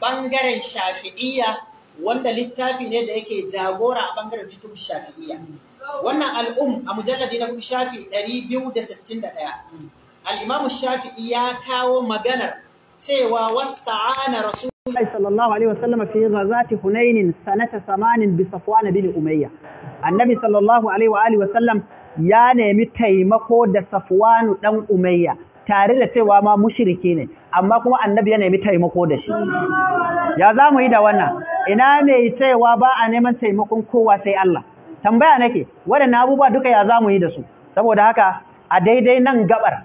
ɓangaren shafi'iyya wanda littafi ne da yake jagora a ɓangaren fikin shafi'iyya wannan al'um a mujalladi na shafi 261 al'imamu shafi'i ya kawo maganar cewa rasu. rasul sallallahu alaihi wasallam fi ghazati hunain sanata samanin bi safwan bin umayya annabi sallallahu alaihi wa alihi wasallam ya nemi taimako da safwanu dan umayya tare da cewa ma mushriki ne amma kuma annabi ya nemi taimako da shi ya za mu yi da wannan ina mai cewa ba a neman taimakon kowa sai Allah tambaya nake waɗannan abubuwa duka ya za mu yi da su saboda haka a daidai nan gabar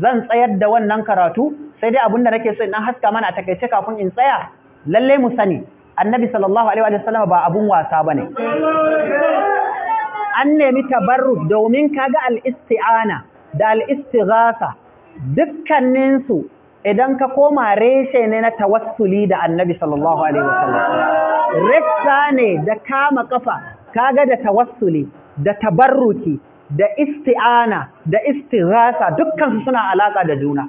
zan tsayar da wannan karatu sai dai abinda nake so in haska mana a takaice kafin in tsaya lalle mu sani annabi sallallahu alaihi wa sallam ba abun wasa bane an nemi tabarruk domin kaga al-isti'ana da al-istighatha dukkaninsu idan ka koma reshe ne na tawassuli da annabi sallallahu alaihi wasallam ressa ne da kama kafa kaga da tawassuli da tabarruki da isti'ana da istighasa dukkan su suna alaka da juna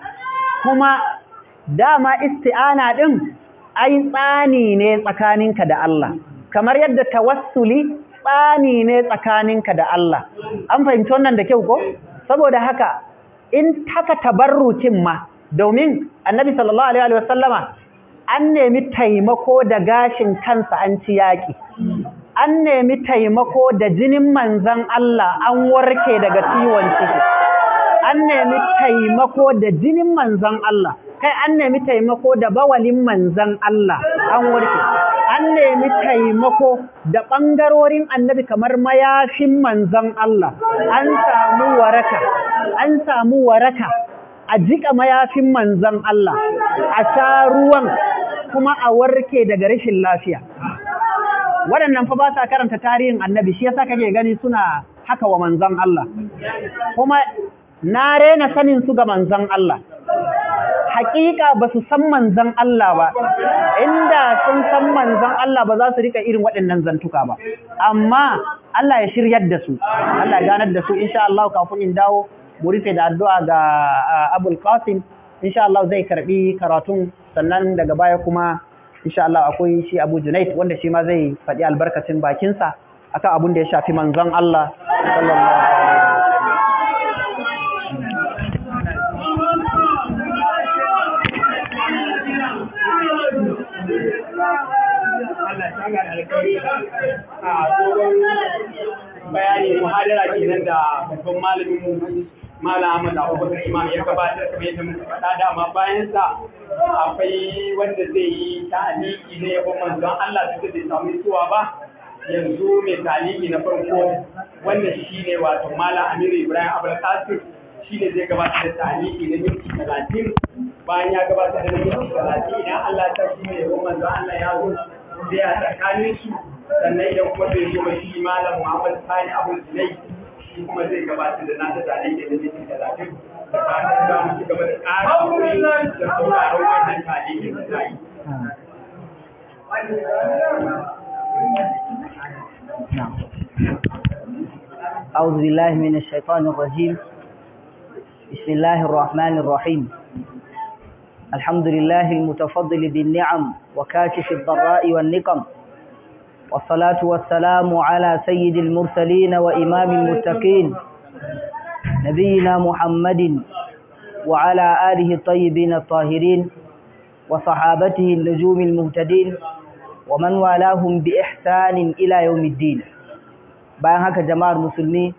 kuma dama isti'ana din ai tsani ne tsakaninka da Allah kamar yadda tawassuli tsani ne tsakaninka da Allah an fahimci wannan da kyau ko saboda haka in taka tabarrukin ma domin annabi sallallahu alaihi wa sallama an nemi taimako da gashin kansa an ci yaƙi an nemi taimako da jinin manzan Allah an warke daga ciwon ciki an nemi taimako da jinin manzan Allah kai an nemi taimako da bawalin manzan Allah an warke an nemi taimako da ɓangarorin annabi kamar mayafin manzan Allah an samu waraka an samu waraka a jiƙa mayafin manzan Allah a sha ruwan kuma a warke daga rashin lafiya waɗannan fa ba sa karanta tarihin annabi shi yasa kake gani suna haka wa manzan Allah kuma na rena sanin su ga manzon Allah hakika ba su san manzan Allah ba inda sun san manzon Allah ba za su rika irin waɗannan zantuka ba amma Allah ya shiryar da su Allah ganar da su insha Allah kafin in dawo mu rufe da addu'a ga ah, Abul Qasim insha Allah zai karɓi karatun sannan daga baya kuma insha Allah akwai shi Abu Junaid wanda shi ma zai faɗi albarkacin bakinsa akan abin da ya shafi manzon Allah sallallahu a dogon bayani muhadara kenan da babban malamin mu Malam Ahmad Abubakar Imam ya gabatar kamar yadda muka faɗa dama bayan sa akwai wanda zai yi ta'aliki na yabon manzon Allah duka zai samu suwa ba yanzu mai taliki na farko Wannan shine ne wato Malam Aminu Ibrahim Abdul shi zai gabatar da taliki na minti talatin bayan ya gabatar da minti talatin idan Allah ta shi ne yabon manzon Allah ya zo sai tsakanin su sannan idan kuma zai zo shi malam Muhammad Sani Abdul Zinai shi kuma zai gabata da nasa tare da minti talatin da fatan za mu ci gaba da ƙara da sauraron wannan talibi da zai أعوذ بالله من الشيطان الرجيم بسم الله الرحمن الرحيم الحمد لله المتفضل بالنعم وكاشف الضراء والنقم والصلاة والسلام على سيد المرسلين وإمام المتقين نبينا محمد وعلى آله الطيبين الطاهرين وصحابته النجوم المهتدين ومن والاهم بإحسان إلى يوم الدين بعد هكذا جماعة المسلمين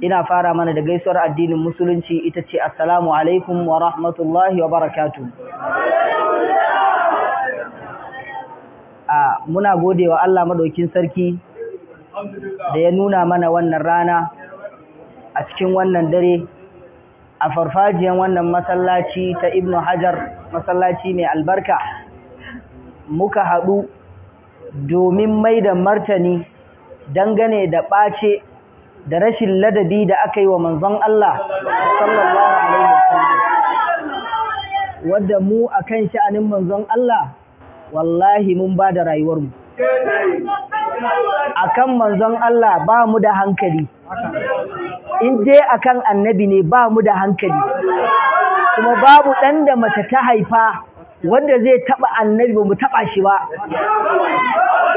ina fara mana da gaisuwar addinin musulunci ita ce assalamu alaikum wa rahmatullahi wa barakatu muna godewa Allah madaukin sarki da ya nuna mana wannan rana a cikin wannan dare a farfajiyan wannan masallaci ta ibnu hajar masallaci mai albarka muka haɗu domin mai da martani dangane da ɓace da rashin ladabi da aka yi wa manzon Allah sallallahu alaihi wasallam Wanda mu akan sha'anin manzon Allah wallahi mun ba da rayuwar mu akan manzon Allah ba mu da hankali in je akan annabi ne ba mu da hankali kuma babu dan da mace ta haifa wanda zai taɓa annabi ba mu taɓa shi ba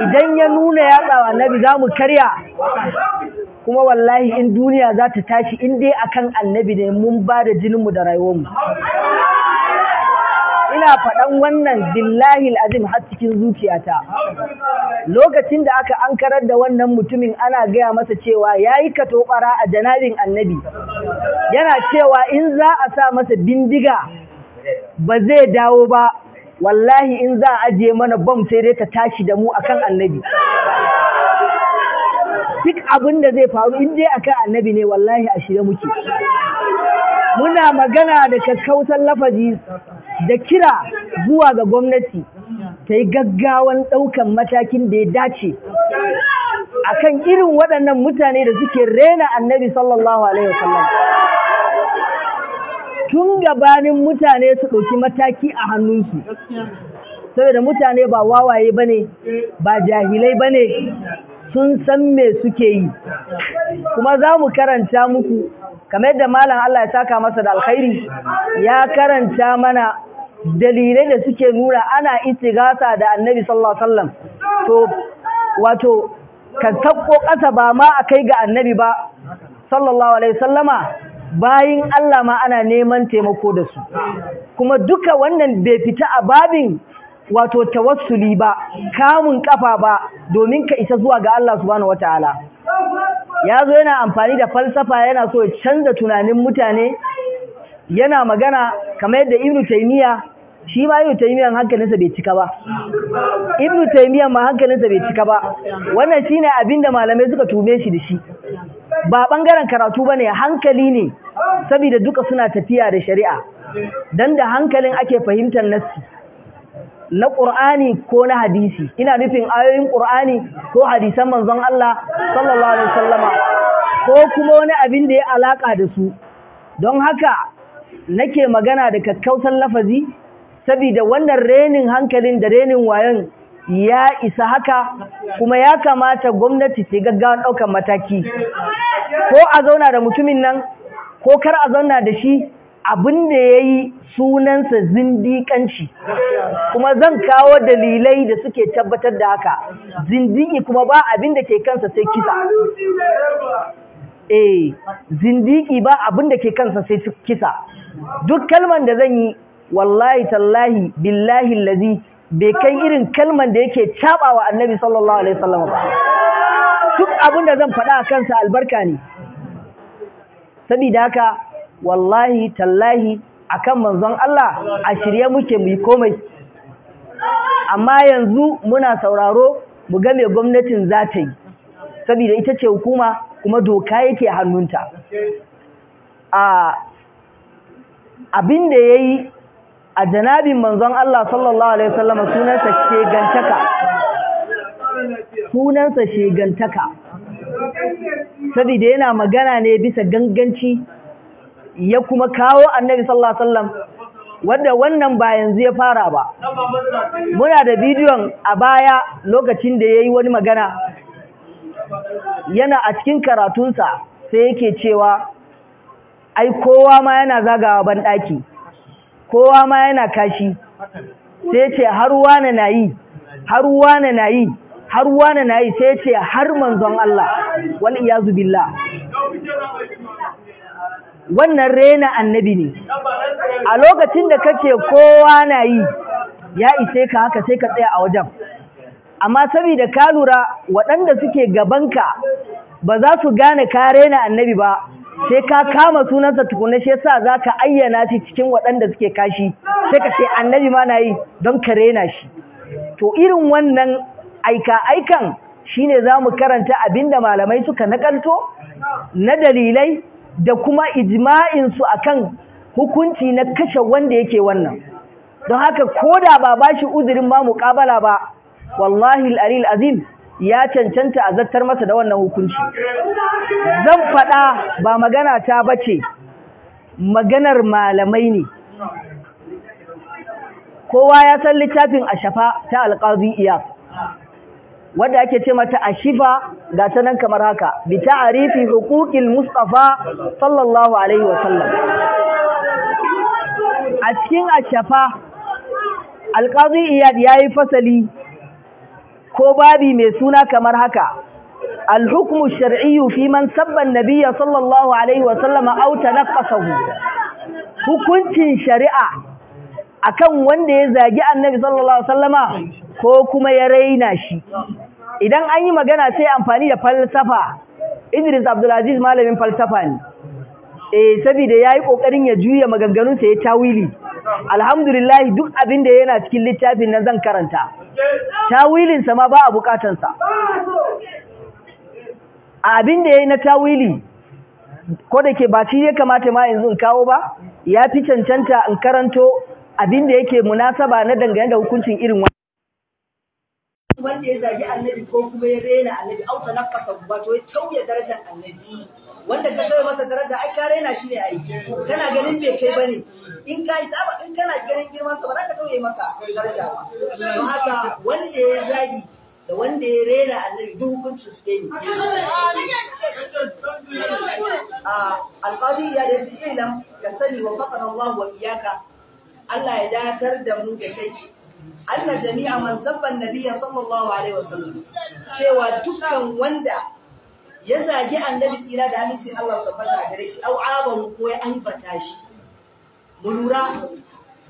idan ya nuna tsawa annabi za mu karya kuma wallahi in duniya za ta tashi in dai akan annabi ne mun ba da jininmu da rayuwarmu ina faɗan wannan billahi azim har cikin zuciyata lokacin da aka ankarar da wannan mutumin ana gaya masa cewa ya yi katobara a janabin annabi yana cewa in za a sa masa bindiga ba zai dawo ba wallahi in za a ajiye mana bam sai dai ta tashi da mu akan annabi duk abin da zai faru in dai akan annabi ne wallahi a shirye muke muna magana da kakkautan lafazi da kira zuwa ga gwamnati ta yi gaggawan ɗaukan matakin da ya dace A kan irin waɗannan mutane da suke rena annabi sallallahu alaihi wasallam tun gabanin mutane su ɗauki mataki a hannunsu saboda mutane ba wawaye ba ne ba jahilai ba ne sun san me suke yi kuma za mu karanta muku kamar da malam Allah ya saka masa da alkhairi ya karanta mana dalilai da suke nuna ana gasa da annabi sallallahu alaihi wasallam to wato ka tabbo kasa ba ma a kai ga annabi ba sallallahu alaihi wasallama bayin Allah ma ana neman taimako da su kuma duka wannan bai fita a babin wato tawassuli ba kamun kafa ba domin ka isa zuwa ga Allah subhanahu wataala ya zo yana amfani da falsafa yana so ya canza tunanin mutane yana magana kamar yadda ibnu Taymiyyah shi ma Ibn Taymiyyah hankalinsa bai cika ba ibnu Taymiyyah ma hankalinsa bai cika ba wannan shine abinda malamai suka tume shi da shi ba bangaren karatu bane hankali ne saboda duka suna tafiya da shari'a dan da hankalin ake fahimtar nassi na ƙur'ani ko na hadisi ina nufin ayoyin ƙur'ani ko hadisan manzon Allah sallallahu alaihi wasallama ko kuma wani abin da ya alaka da su don haka nake magana da kakkausan lafazi saboda wannan renin hankalin da renin wayan ya isa haka kuma ya kamata gwamnati ta gaggawa ɗaukar mataki ko a zauna da mutumin nan ko kar a zauna da shi abin da ya yi sunansa zindiƙanci kuma zan kawo dalilai da suke tabbatar da haka zindiƙi kuma ba abin da ke kansa sai kisa eh zindiƙi ba abin da ke kansa sai kisa duk kalman da zan yi wallahi tallahi billahi lazi bai kai irin kalman da yake caɓa annabi sallallahu alaihi wasallam ba duk abin da zan faɗa a kansa albarka ne sabida haka wallahi tallahi a kan manzon Allah a shirye muke mu yi komai amma yanzu muna sauraro mu ga gwamnatin za ta yi saboda ita ce hukuma kuma doka yake hannunta abin da yayi a janabin manzon Allah sallallahu alaihi Wasallama, sunansa shegantaka sunansa shegantaka saboda yana magana ne bisa ganganci ya kuma kawo annabi sallallahu alaihi wasallam wanda wannan ba yanzu ya fara ba muna da bidiyon a baya lokacin da yayi wani magana yana a cikin karatunsa sai yake cewa ai kowa ma yana zagawa banɗaki kowa ma yana kashi sai ce har wane na yi har wane na yi har wane na yi sai ce har manzon Allah wal iyazu billah wannan rena annabi ne a lokacin da kake kowa na yi ya ise ka haka sai ka tsaya a wajen amma saboda ka lura waɗanda suke gabanka ba za su gane ka rena annabi ba sai ka kama sunansa tukuna shi yasa za ka ayyana shi cikin waɗanda suke kashi sai ka ce annabi ma na yi don ka rena shi to irin wannan aika aikan shine za mu karanta abinda malamai suka nakalto na dalilai da kuma ijma'in su akan hukunci na kashe wanda yake wannan don haka ko da ba bashi uzurin ma muqabala ba wallahi al-alil azim ya cancanta a zartar masa da wannan hukunci zan faɗa ba magana ta bace maganar malamai ne kowa ya san littafin ashafa ta alqazi iyaka wadda ake ce mata ashifa ga ta nan kamar haka bi ta'arifi huquqil mustafa sallallahu alaihi wa sallam a cikin ashafa alqazi iyad yayi fasali ko babi mai suna kamar haka الحكم الشرعي في من سب النبي صلى الله عليه وسلم أو تنقصه hukuncin shari'a akan wanda ya zagi annabi sallallahu alaihi wa wasallama ko kuma ya raina shi idan an yi magana sai amfani da falsafa Idris Abdulaziz malamin falsafa ne eh saboda yayi kokarin ya juya maganganun sa ya tawili alhamdulillah duk abin da yana cikin littafin nan zan karanta tawilin sa ma ba a bukatan sa abin da yayi na tawili ko ba shi ya kamata ma yanzu in kawo ba ya fi cancanta in karanto abin da yake munasaba na dangane da hukuncin irin wanda ya zagi annabi ko kuma ya rena annabi au ta nakasa wato ya tauye darajar annabi wanda ka tauye masa daraja ai ka rena shi ne ai kana ganin bai kai bane in ka isa ba in kana ganin girman sa ba za ka tauye masa daraja ba don haka wanda ya zagi da wanda ya rena annabi duk hukuncin su ne alqadi ya da ci ilam ka sani wa faqana Allah wa iyaka Allah ya datar da mu da kai allah jami'a man sabban nabiyya sallallahu alaihi wasallam cewa dukkan wanda ya zagi annabi tsira da amincin Allah sabbata gare shi au abahu ko ya aibata shi mu lura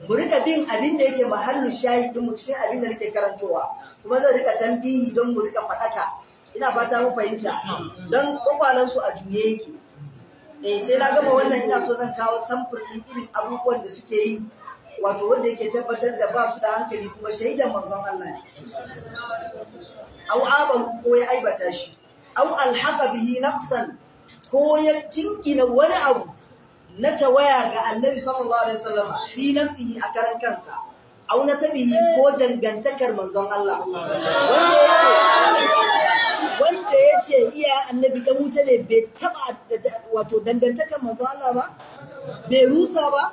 mu rika bin abin da yake mahallin shahidin mu cikin abin da nake karantowa kuma zan rika tambihi don mu rika fadaka ina fata mu fahimta don kwakwalen su a juye yake eh sai na gama wannan ina so zan kawo samfur irin abubuwan da suke yi wato wanda yake tabbatar da ba su da hankali kuma shaidan manzon Allah ne au abahu ko ya aibata shi au alhaqa bihi naqsan ko ya jingina wani abu na tawaya ga annabi sallallahu alaihi wasallam fi nafsihi a karan kansa au nasabihi ko dangantakar manzon Allah wanda ya ce iya annabi ɗan wuta ne bai taɓa wato dangantakar manzon Allah ba bai rusa ba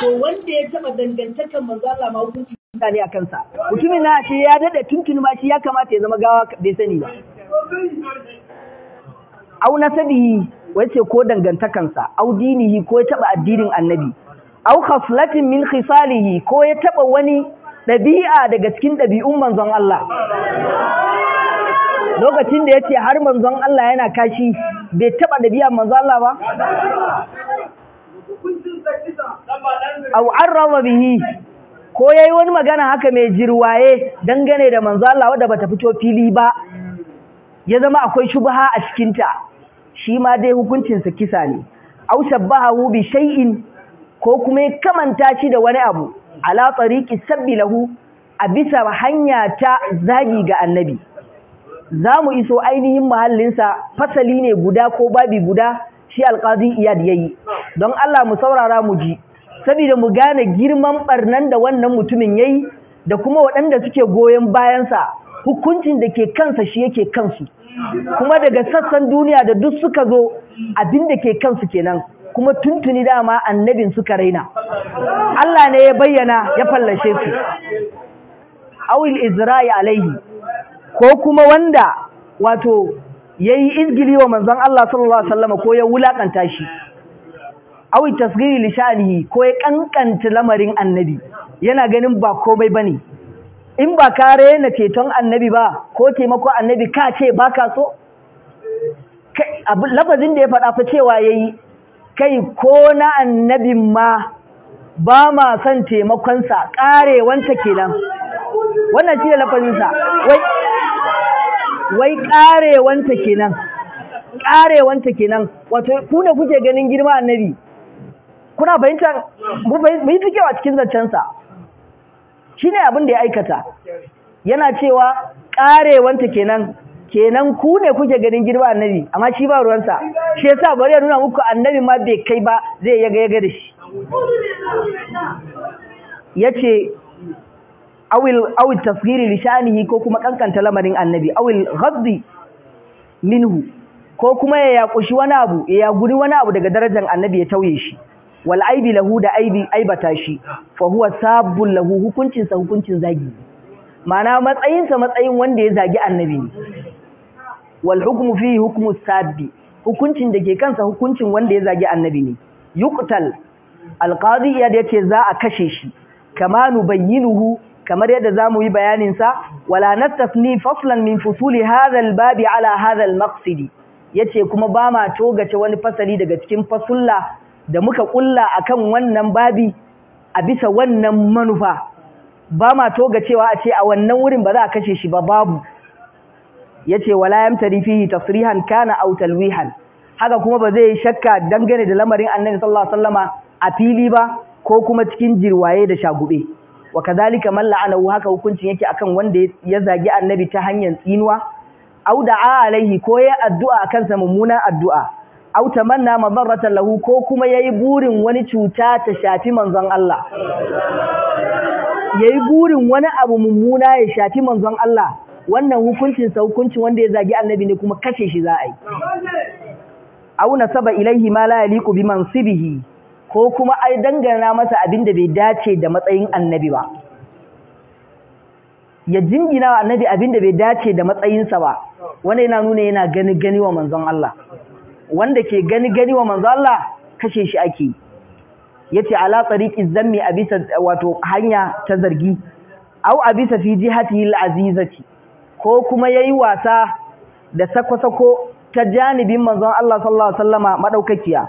to wanda ya taba dangantakan manzo Allah ma hukunci ne a kansa mutumin na ce ya dade tuntun ma shi ya kamata ya zama gawa bai sani ba au wai wace ko dangantakansa au dinihi ko ya taba addinin annabi au khaslatin min khisalihi ko ya taba wani ɗabi'a daga cikin ɗabi'un manzon Allah lokacin da ya ce har manzon Allah yana kashi bai taba ɗabi'ar manzon Allah ba an rama bihi ko yayi wani magana haka mai jirwaye dangane da manzo Allah wanda bata fito fili ba ya zama akwai shubha a cikin ta shi ma dai hukuncin sa kisa ne aw shabbahu bi shay'in ko kuma ya kamanta shi da wani abu ala tariqi sabbi lahu a bisa hanya ta zagi ga annabi za mu iso ainihin muhallinsa fasali ne guda ko babi guda shi alƙazin iyad ya yi don Allah mu saurara mu ji saboda mu gane girman barnan da wannan mutumin ya yi da kuma waɗanda suke goyon bayansa hukuncin da ke kansa shi yake kansu kuma daga sassan duniya da duk suka zo abin da ke kansu kenan kuma tuntuni dama annabin suka raina Allah ne ya bayyana ya fallashe su awil izra'i alaihi ko kuma wanda wato yayi izgili wa manzon Allah sallallahu alaihi wasallam ko ya wulakanta shi awi tasghiri li sha'nihi ko ya kankanta lamarin annabi yana ganin ba komai bane in ba ka rena ceton annabi ba ko taimako annabi ka ce baka so lafazin da ya faɗa fa cewa yayi kai ko na annabin ma ba ma son taimakonsa ke kenan wannan shi ne lafazinsa wai wai karewanta kenan karewanta kenan wato ku kuke ganin girma annabi kuna fahimtar mu yi fikewa cikin zancensa shi ne abin da ya aikata yana cewa karewanta kenan kenan ku ne kuke ganin girma annabi amma shi ba ruwansa shi yasa bari ya nuna muku annabi ma bai kai ba zai yaga yaga da shi Ya ce. awil awil tasghiri li sha'nihi ko kuma kankanta lamarin annabi awil ghaddi minhu ko kuma ya yakushi wani abu ya guri wani abu daga darajar annabi ya tauye shi wal aibi lahu da aibi aibata shi fa huwa sabbul lahu hukuncin sa hukuncin zagi ma'ana matsayin sa matsayin wanda ya zagi annabi ne wal hukmu fi hukmu sabbi hukuncin da ke kansa hukuncin wanda ya zagi annabi ne yuqtal alqadi ya ce za a kashe shi kama nubayyinuhu kamar yadda za mu yi bayanin sa wala tafni faslan min fusuli hazal babi ala maksidi, ya yace kuma ba ma togace wani fasali daga cikin fasulla da muka kulla akan wannan babi a bisa wannan manufa ba ma togacewa a ce a wannan wurin ba za a kashe shi ba babu yace wala yamtari fihi tasrihan kana aw talwihan haka kuma ba zai shakka dangane da lamarin annabi sallallahu alaihi wasallama a fili ba ko kuma cikin jirwaye da shagube wa kadhalika man la'anahu haka hukuncin yake akan wanda ya zagi annabi ta hanyar tsinuwa aw da'a alaihi ko ya addu'a akan sa mummunan addu'a aw tamanna mabarratan lahu ko kuma yayi burin wani cuta ta shafi manzon Allah yayi burin wani abu mummuna ya shafi manzon Allah wannan hukuncin sa hukuncin wanda ya zagi annabi ne kuma kashe shi za a yi aw nasaba ilaihi ma la yaliqu bi mansibihi ko kuma ai dangana masa abin da bai dace da matsayin annabi ba ya jingina wa annabi abin da bai dace da matsayinsa ba wanda yana nuna yana gani gani wa manzon Allah wanda ke gani gani wa manzon Allah kashe shi ake yace ala tariqi zammi a bisa wato hanya ta zargi au Abisa bisa fi jihati azizati ko kuma yayi wasa da sako-sako ta janibin manzon Allah sallallahu alaihi wasallama madaukakiya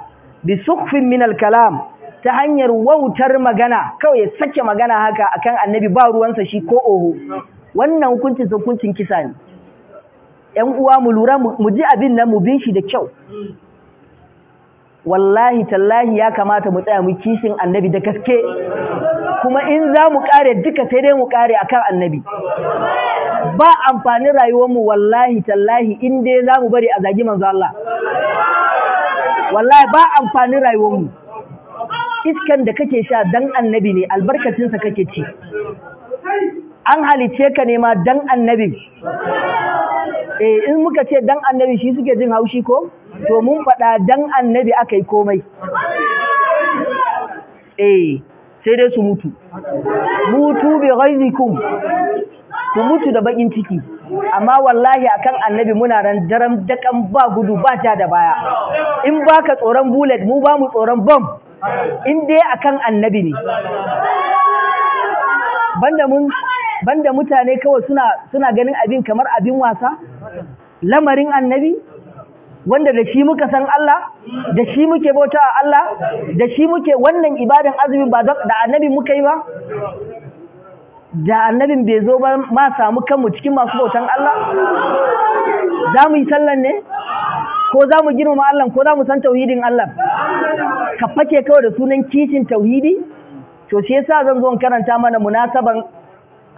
bi sukhfin min kalam ta hanyar wautar magana kawai ya sake magana haka akan annabi ba ruwansa shi ko oho wannan hukuncin hukuncin kisa ne ‘yan uwa mu lura mu ji abin nan mu bin shi da kyau wallahi tallahi ya kamata mu tsaya mu kishin annabi da gaske kuma in za mu kare duka sai dai mu kare akan annabi ba rayuwar rayuwarmu wallahi tallahi in dai za mu bari a zagi manzo Allah wallahi ba rayuwar rayuwarmu iskan da kake sha dan annabi ne albarkacinsa kake ci an halice ka nema dan annabi eh in muka ce dan annabi shi suke jin haushi ko to mun faɗa dan annabi aka yi komai eh sai dai su mutu mutu bi ghaizikum ku mutu da bakin ciki amma wallahi a kan annabi muna ran daren dakan ba gudu ba ta da baya in baka tsoron bullet mu ba mu tsoron bomb in dai a kan annabi ne banda mun banda mutane kawai suna suna ganin abin kamar abin wasa lamarin annabi wanda da shi muka san Allah da shi muke bauta a Allah da shi muke wannan ibadan azumi ba da annabi muka yi ba da annabin bai zo ba ma samu kanmu cikin masu bautan Allah za mu yi sallan ne ko za mu girmama Allah ko za mu san tauhidin Allah ka fake kawai da sunan kishin tauhidi to shi yasa zan zo karanta mana munasaban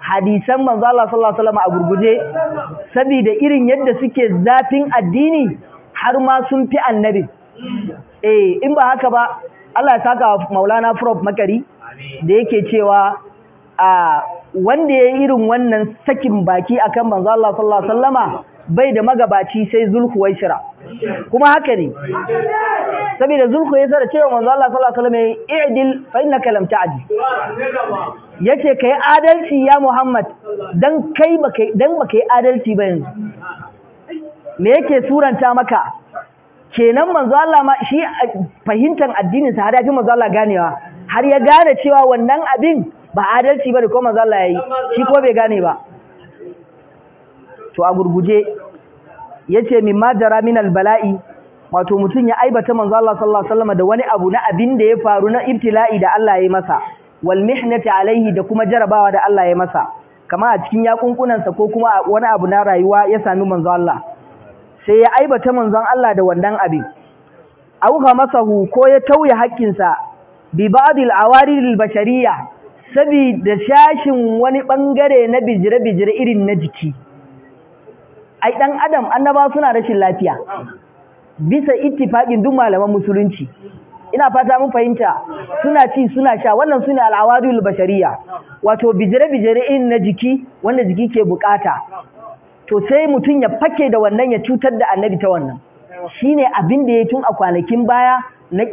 hadisan manzo Allah sallallahu alaihi wasallam a gurguje saboda irin yadda suke zafin addini har ma sun fi annabi eh in ba haka ba Allah ya saka Maulana Prof Makari da yake cewa a wanda ya irin wannan sakin baki akan manzo Allah sallallahu alaihi wasallama bai da magabaci sai Zulhuwaishira kuma haka ne saboda Zulhuwaishira cewa manzo Allah sallallahu alaihi wasallama i'dil fa innaka lam ta'dil yace kai adalci ya Muhammad dan kai baka yi adalci ba yanzu me yake suranta maka kenan manzo Allah ma shi fahimtar addinin sa har ya fi manzo Allah ganewa har ya gane cewa wannan abin ba adalci bane ko manzo Allah yayi shi ko bai gane ba to a gurguje yace min madara min bala'i wato mutum ya aibata manzo Allah sallallahu alaihi wasallam da wani abu na abin da ya faru na ibtila'i da Allah ya masa wal mihnati alaihi da kuma jarabawa da Allah ya masa kama a cikin yakunkunansa ko kuma wani abu na rayuwa ya sami manzo Allah sai ya aibata manzon Allah da wannan abin auka masahu ko ya tauye haƙƙinsa bi ba'dil awaridil bashariyya saboda shashin wani bangare na bijire-bijire irin na jiki ai dan adam annaba suna rashin lafiya bisa ittifaqin duk malaman musulunci ina fata mun fahimta suna ci suna sha wannan sune awaridil bashariya wato bijire-bijire irin na jiki wanda jiki ke bukata to sai mutum ya fake da wannan ya cutar da annabi ta wannan shine abin da ya tun a kwanakin baya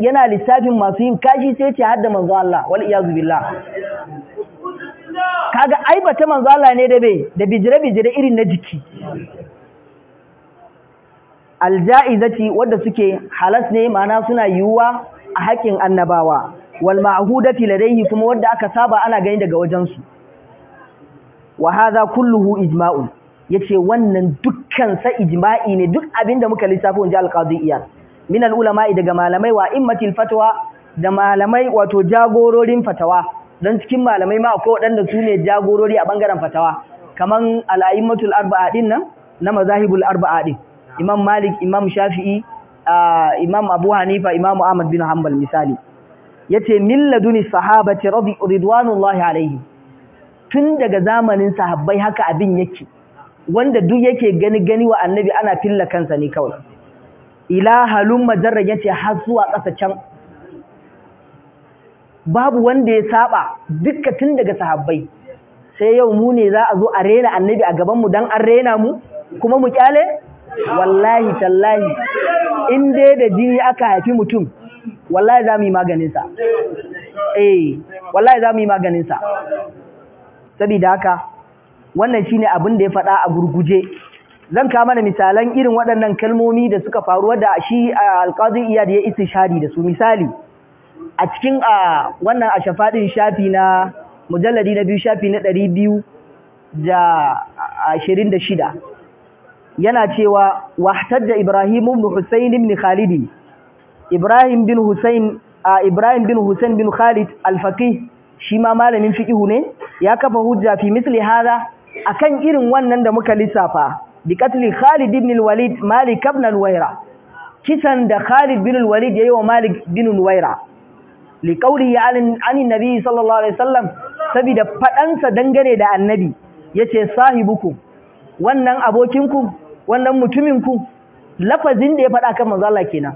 yana lissafin masu yin kashi sai ce hadda manzo Allah wal iyazu billah kaga aibata manzo Allah ne da bai da bijire bijire irin na jiki alja'izati wadda suke halas ne ma'ana suna yiwuwa a haƙin annabawa wal ma'hudati ladayhi kuma wadda aka saba ana gani daga wajensu wa hadha kulluhu ijma'un yace wannan dukkansa sa ijma'i ne duk abin da muka lissafo inji al iya min al-ulama'i daga malamai wa immatil fatwa da malamai wato jagororin fatawa don cikin malamai ma akwai waɗanda su ne jagorori a bangaren fatawa kaman al arba'a din nan na mazahibul arba'a din imam malik imam shafi'i imam abu hanifa imam ahmad bin hanbal misali yace min laduni sahabati radhi ridwanullahi alaihi. tun daga zamanin sahabbai haka abin yake wanda duk yake gani gani wa annabi ana filla kansa ne kawai ila halum majarra yace har zuwa ƙasa can babu wanda ya saba dukka tun daga sahabbai sai yau mu ne za a zo a rena annabi a gaban mu dan an rena mu kuma mu kyale wallahi tallahi in dai da jini aka haifi mutum wallahi za mu yi maganin sa eh wallahi za mu yi maganin sa saboda haka wannan shine abin da ya faɗa a gurguje zan kama da misalan irin waɗannan kalmomi da suka faru da shi alƙazi iyad ya shari da su misali a cikin wannan a shafaɗin shafi na mujalladi na biyu shafi na ɗari biyu da ashirin da shida yana cewa wahtadda ibrahim bin husayn bin khalidi ibrahim bin husayn ibrahim bin bin khalid al shi ma malamin fiƙihu ne ya kafa hujja fi misli hada akan irin wannan da muka lissafa bi katli Khalid ibn al-Walid Malik ibn al-Waira kisan da Khalid ibn al-Walid yayi wa Malik ibn al-Waira li qawli an annabi sallallahu alaihi wasallam saboda sa dangane da annabi yace sahibuku wannan abokinku wannan mutuminku lafazin da ya faɗa kan manzo Allah kenan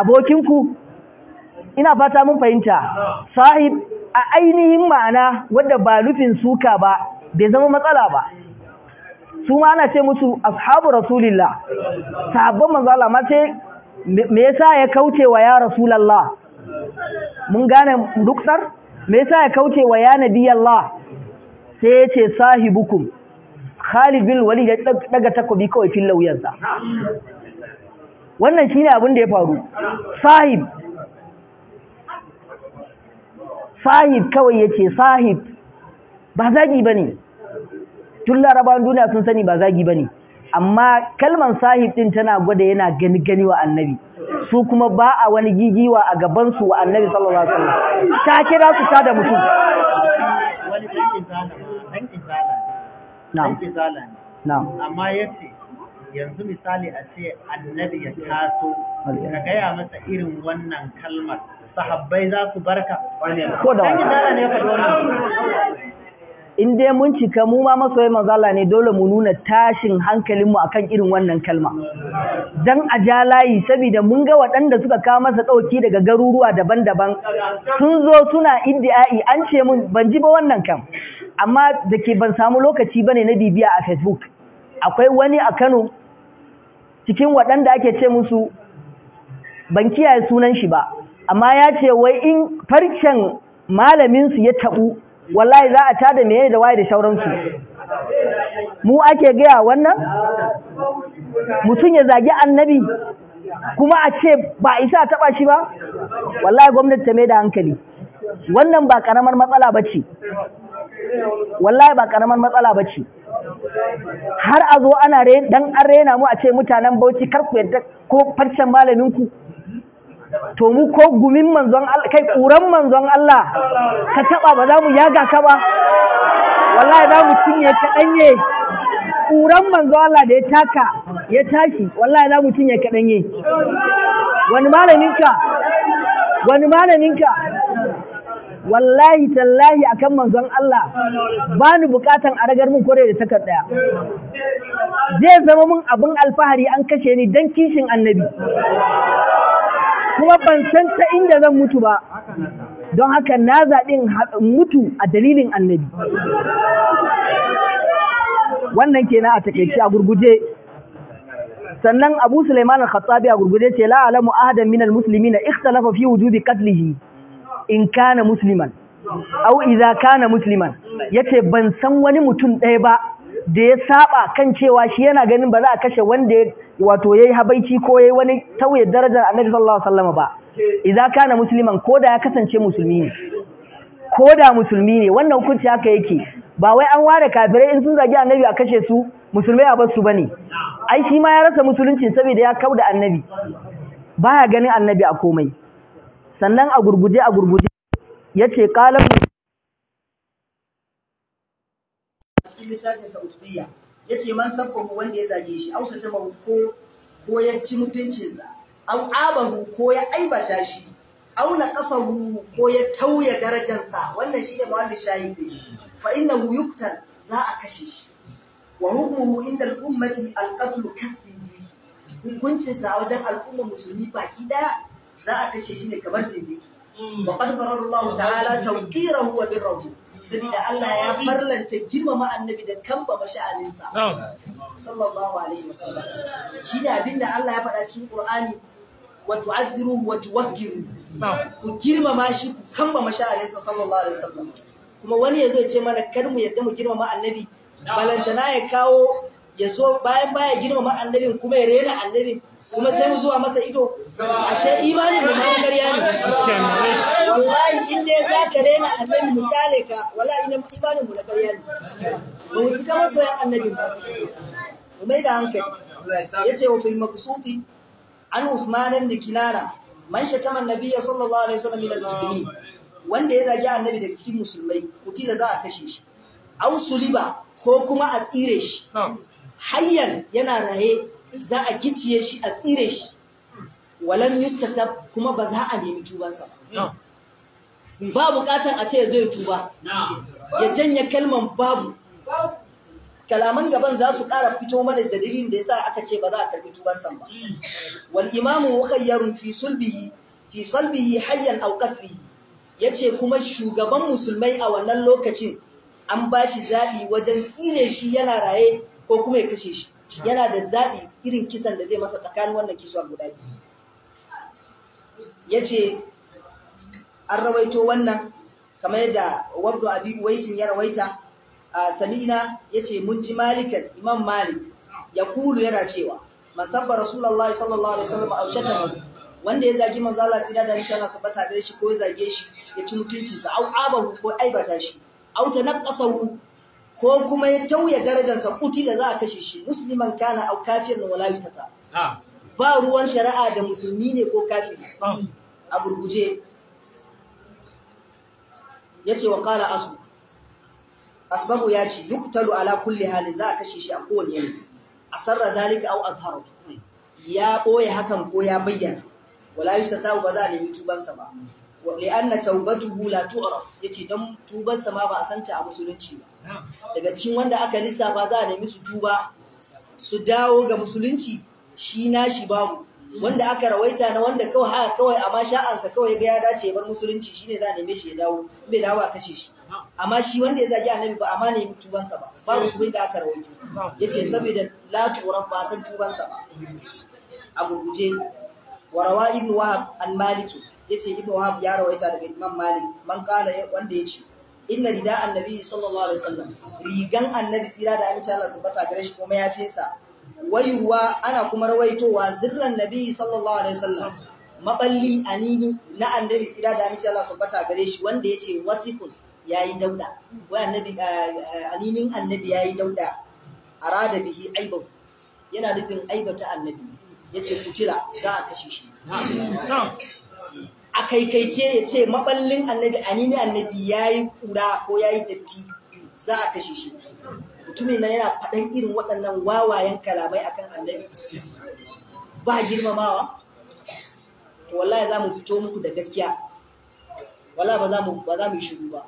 abokinku ina fata mun fahimta sahib a ainihin ma'ana wadda ba nufin suka ba bai zama matsala ba su ma ana ce musu ashabu rasulillah sahabban manzala ma ce me yasa ya kauce wa ya rasulullah mun gane duktar? me yasa ya kauce wa ya nabiyallah sai ya ce sahibukum Khalid bin Walid ya daga takobi kawai fil lauyansa wannan shine abin da ya faru sahib sahib kawai ya ce sahib ba zagi ba ne tun larabawan duniya sun sani ba zagi ba ne amma kalman sahib din tana gwada yana gani gani wa annabi su kuma ba a wani gigiwa a gabansu wa annabi sallallahu alaihi wasallam ta kira su ta da mutum na'am amma yace yanzu misali a ce annabi ya taso ka gaya masa irin wannan kalmar sahabbai za su barka ko da wani in dai mun cika mu ma masoyi manzala ne dole mu nuna tashin hankalinmu akan irin wannan kalma dan a ja layi saboda mun ga waɗanda suka kawo masa ɗauki daga garuruwa daban-daban sun zo suna iddi'ai an ce mun ban ji ba wannan kam amma da ban samu lokaci ba ne na bibiya a facebook akwai wani a kano cikin waɗanda ake ce musu ban kiyaye sunan shi ba amma ya ce wai in farcen malaminsu ya taɓu wallahi za a tada meye da waye da shauransu mu ake gaya wannan mutum ya zagi annabi kuma a ce ba isa taɓa shi ba wallahi gwamnati ta mai da hankali wannan ba karamar matsala ba ce wallahi ba karamar matsala ba ce har a zo ana dan an rena mu a ce mutanen bauchi kar ku yadda ko farcen malaminku to mu ko gumin manzon Allah kai kuran manzon Allah ka taɓa ba za mu yaga ka ba wallahi za mu cinye ka danye Kuran manzon Allah da ya taka ya tashi wallahi za mu cinye ka danye wani malaminka wani malaminka wallahi tallahi akan manzon Allah ba ni bukatan a ragar mun kore da takar daya zai zama mun abin alfahari an kashe ni dan kishin annabi kuma ban san ta inda zan mutu ba don haka na zaɓin mutu a dalilin annabi wannan kenan a takaice a gurguje sannan Abu Suleiman al-Khattabi a gurguje ce la alamu ahadan min al-muslimina ikhtalafa fi wujubi qatlihi in kana musliman aw idza kana musliman yace ban san wani mutum ɗaya ba da ya saba kan cewa shi yana ganin ba za a kashe wanda wato ya yi habaici ko ya yi wani tauye darajar Annabi sallallahu alaihi wasallam ba idan kana musliman ko da ya kasance musulmi ne ko da musulmi ne wannan hukunci haka yake ba wai an ware kafirai in sun zagi Annabi a kashe su musulmai a basu bane ai shi ma ya rasa musulunci saboda ya kau da Annabi baya ganin Annabi a komai sannan a gurguje a gurguje yace qala cikin littafin sa Ya ce man sabbahu wanda ya zage shi ausa ta ko ko ya ci mutuncinsa An abahu ko ya aibata shi Auna na huhu ko ya tauya darajarsa wannan shine mawallin shahidi fa innahu yuqtal za a kashe shi wa hukmuhu inda al-ummati al-qatl kasidiki hukuncinsa a wajen al'ummar musulmi baki daya za a kashe shi ne kamar zindiki wa qad farada Allah ta'ala tawqirahu wa birrahu saboda Allah ya farlanta girmama annabi da kamba masha'aninsa sallallahu alaihi wasallam shi ne da Allah ya faɗa cikin Qur'ani wa tu'azziru wa tuwaqqiru ku girmama shi ku kamba masha'aninsa sallallahu alaihi wasallam kuma wani yazo ya ce mana kar mu yadda mu girmama annabi balantana ya kawo ya zo bayan baya girmama annabin kuma ya rena annabin kuma sai mu zuwa masa ido ashe imanin mu ma gariya ne wallahi in dai za ka rena annabi mu kyale ka wallahi ina imanin mu na gariya ne ba mu cika masa yan annabin ba mu mai da hankali ce wa fil maqsudi an usman ibn kinana man shatama annabiyya sallallahu alaihi wasallam min al wanda ya zagi annabi daga cikin musulmai kutila za a kashe shi aw suliba ko kuma a tsire shi hayyan yana raye za a giciye shi a tsire shi walan yustatab kuma ba za a nemi tubansa ba bukatan a ce zai tuba ya janye kalman babu kalaman gaban za su ƙara fito mana da dalilin da yasa aka ce ba za a karbi tubansa ba wal imamu mukhayyarun fi sulbihi fi sulbihi hayyan aw yace kuma shugaban musulmai a wannan lokacin an bashi shi zaɓi wajen tsire shi yana raye ko kuma ya kashe shi yana da zaɓi irin kisan da zai masa tsakanin wannan kisuwa guda biyu ya ce an rawaito wannan kamar yadda wabdo abi waisin ya rawaita a sami'ina ya ce mun ji malikan imam malik ya kulu yana cewa masabba rasulallah sallallahu alaihi wasallam a shatan wanda ya zagi manzo Allah tira da mutane su bata gare shi ko ya zage shi ya ci mutunci sa au abahu ko aibata shi au tanaqasahu ko kuma ya tauye darajarsa kuti da za a kashe shi musliman kana au na wala yustata ba ruwan shari'a da musulmi ne ko kafin. a gurguje yace wa qala asu asbabu ya ce yuktalu ala kulli halin za a kashe shi a kowane yanayi asarra dalika au azharu ya ɓoye hakan ko ya bayyana wala yustata ba za a nemi tubansa ba anna tawbatuhu la tu'raf yace dan tubansa ma ba a santa a musulunci ba daga cikin wanda aka lissafa za a nemi su tuba su dawo ga musulunci shi nashi babu wanda aka rawaita na wanda kawai haka kawai amma sha'ansa kawai ga ya dace ya bar musulunci shine za a neme shi ya dawo bai dawo a kashe shi amma shi wanda ya zagi annabi ba amma ne tubansa ba babu kuma da aka rawaito yace saboda la turan ba san tubansa ba a gurguje warawa rawa wahab al-maliki yace ibnu wahab ya rawaita daga imam malik man kala wanda yace inna rida annabi sallallahu alaihi wasallam rigan annabi tsira da amince Allah subhanahu gare shi kuma fesa wayuwa ana kuma rawaitowa zirran nabi sallallahu alaihi wasallam maballi anini na annabi tsira da amince Allah subhanahu gare shi wanda yace wasifun yayi dauda wa annabi eh, eh, aninin annabi yayi dauda arada bihi aiba yana nufin aibata annabi yace kutila za a kashe shi a kaikaice ya ce maballin annabi a ne annabi ya yi kura ko ya yi datti za a kashe shi mutumin na yana faɗan irin waɗannan wawayen kalamai akan annabi ba girmamawa to wallahi za mu fito muku da gaskiya wallahi ba za mu ba za mu yi shiru ba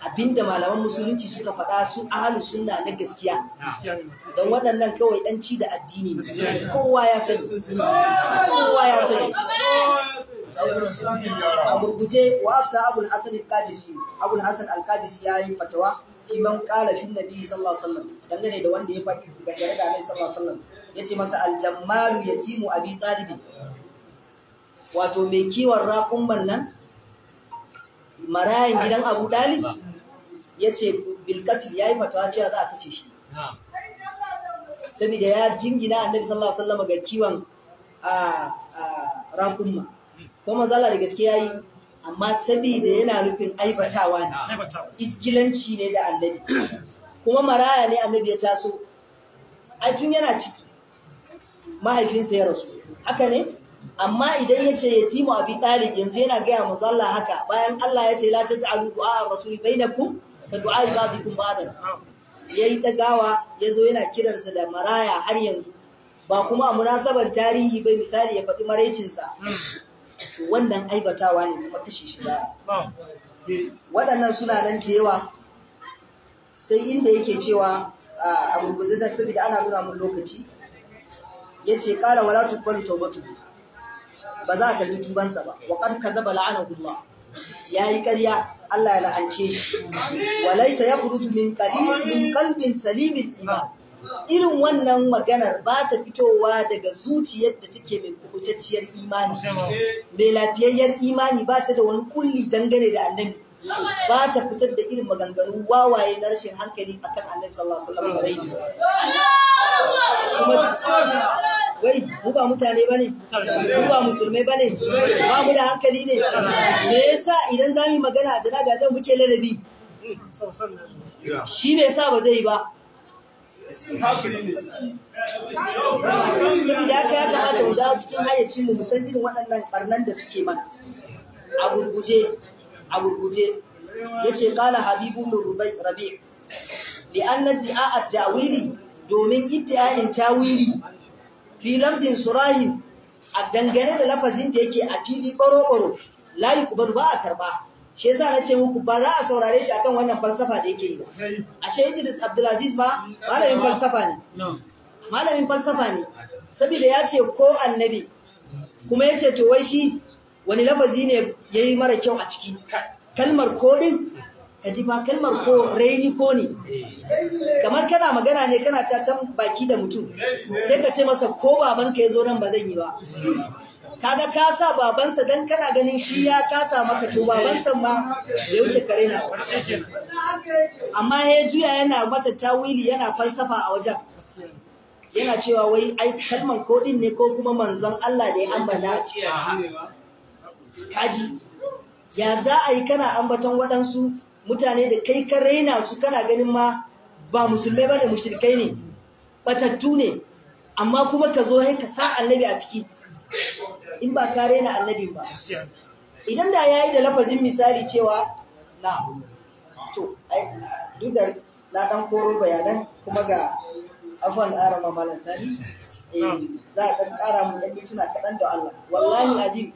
abinda malaman musulunci suka faɗa su ahlus sunna na gaskiya don waɗannan kawai ɗanci da addini kowa ya sani kowa ya sani abu gurguje wa afta abul hasan al-qadisi abu hasan al-qadisi yayi fatawa fi man qala fi nabi sallallahu alaihi wasallam dangane da wanda ya faɗi dangane da annabi sallallahu alaihi wasallam yace masa al-jammalu yatimu abi talib wato mai kiwon raƙumman nan marayin gidan abu dalib yace bilkatil yayi fatawa cewa za a kace shi Sabida ya jingina annabi sallallahu alaihi wasallam ga kiwon a raƙumma kuma manzala da gaske yi. amma saboda yana nufin aibatawa ne isgilanci ne da annabi kuma maraya ne annabi ya taso a tun yana ciki mahaifinsa ya rasu haka ne amma idan ya ce yatimu abi talib yanzu yana gaya manzala haka bayan Allah ya ce la taj'alu du'a rasuli bainakum ka du'a ibadikum ba'dan yayi dagawa yazo yana kiransa da maraya har yanzu ba kuma a munasabar tarihi bai misali ya faɗi maraicinsa hmm. wannan aibatawa ne kuma kashe shi za waɗannan suna nan da yawa sai inda yake cewa a gurguzi na saboda ana nuna mun lokaci ya ce ƙara wala tubbalu taubatu ba za a kalli tubansa ba wa zaba la'ana la'anahullah ya yi ƙarya Allah ya la'ance shi wa ya yakhruju min kalbin salimin iman irin wannan maganar ba ta fitowa daga zuciyar da take mai kubutacciyar imani mai lafiyayyar imani ba ta da wani kulli dangane da annabi ba ta fitar da irin maganganu wawaye na rashin hankali akan annabi sallallahu alaihi wasallam wai mu ba mutane ba ne mu ba musulmai ba ne ba mu da hankali ne me yasa idan za mu magana a janabi dan muke lalabi shi me yasa ba zai yi ba da ya kamata mu dawo cikin hayyacin mu san irin waɗannan ɓarnan da suke mana a gurguje a gurguje yace kala habibu rubai rabi li anna a tawili domin iddia'in tawili fi lafzin surahin a dangane da lafazin da yake a fili baro baro la yuqbalu ba a karɓa shi yasa na ce muku ba za a saurare shi akan wannan falsafa da yake yi ba ashe Idris Abdulaziz ba malamin falsafa ne malamin falsafa ne saboda ya ce ko annabi kuma ya ce to wai shi wani lafazi ne ya yi mara kyau a ciki kalmar ko din ka ji ba kalmar ko raini ko ne kamar kana magana ne kana cacan baki da mutum sai ka ce masa ko babanka ya zo nan ba zan yi ba kaga ka sa babansa dan kana ganin shi ya kasa maka to babansa ma ya wuce kare na amma ya juya yana mata tawili yana falsafa a wajen yana cewa wai ai kalman kodin ne ko kuma manzon Allah ne ambata kaji ya za a yi kana ambaton waɗansu mutane da kai ka raina su kana ganin ma ba musulmai bane mushrikai ne batattu ne amma kuma ka zo ka sa annabi a ciki in ba ka rena annabin ba idan da ya yi da lafazin misali cewa na to duk da na dan koro bayanan kuma ga afon ƙara ma malam sani eh, za a ɗan ƙara mun ɗan tuna kaɗan da Allah wallahi azim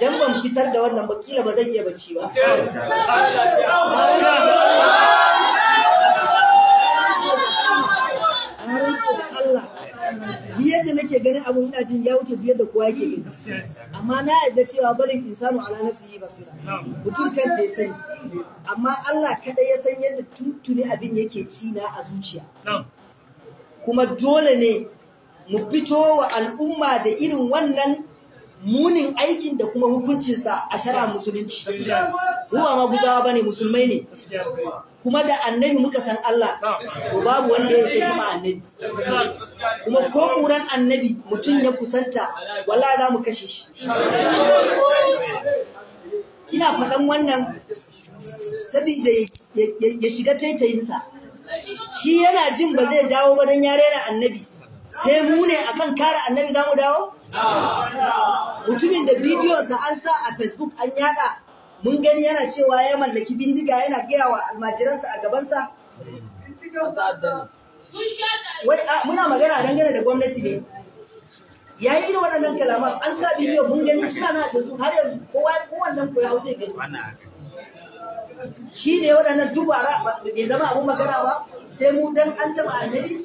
idan ban fitar da wannan ba kila ba zan iya bacci ba Allah ni yadda nake ganin abun ina jin ya wuce biyar da kowa yake gani amma na yadda cewa barin insanu ala yi basira mutum kan zai sani amma Allah kada ya san yadda tuntuni abin yake ci na a zuciya kuma dole ne mu fito wa al'umma da irin wannan munin aikin da kuma hukuncinsa a shara musulunci. Zuwa ma ba ne musulmai ne. kuma da annabi muka san Allah to babu wanda ya sai kuma annabi kuma ko kuran annabi mutum ya kusanta wala za mu kashe shi ina faɗan wannan saboda ya shiga taitayinsa shi yana jin ba zai dawo ba don ya rena annabi sai mu ne akan kare annabi za mu dawo mutumin da bidiyonsa an sa a facebook an yada mun gani yana cewa ya mallaki bindiga yana gaya wa almajiransa a gabansa wai muna magana dangane da gwamnati ne ya yi irin waɗannan kalaman an sa bidiyo mun gani suna na yanzu har yanzu kowa kowannen ko ya hau zai gani shi ne waɗannan dubara bai zama abun magana ba sai mu dan an taɓa annabi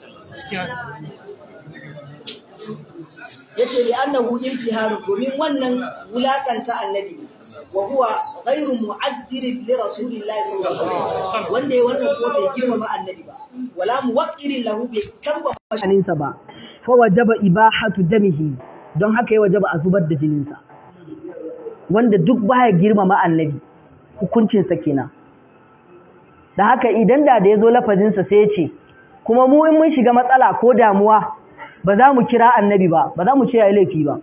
ya ce Annahu, imtiharu domin wannan wulakanta annabi wa huwa ghairu mu'azzirin li rasulillahi sallallahu alaihi wasallam wanda wannan ko bai girmama annabi ba wala muwaqqirin lahu bi kamba shaninsa ba fa wajaba ibahatu damihi don haka ya wajaba a zubar da jininsa wanda duk baya girmama annabi hukuncin hukuncinsa kenan da haka idan da da ya zo lafazinsa sai ya ce kuma mu in mun shiga matsala ko damuwa ba za mu kira annabi ba ba za mu ce ya laifi ba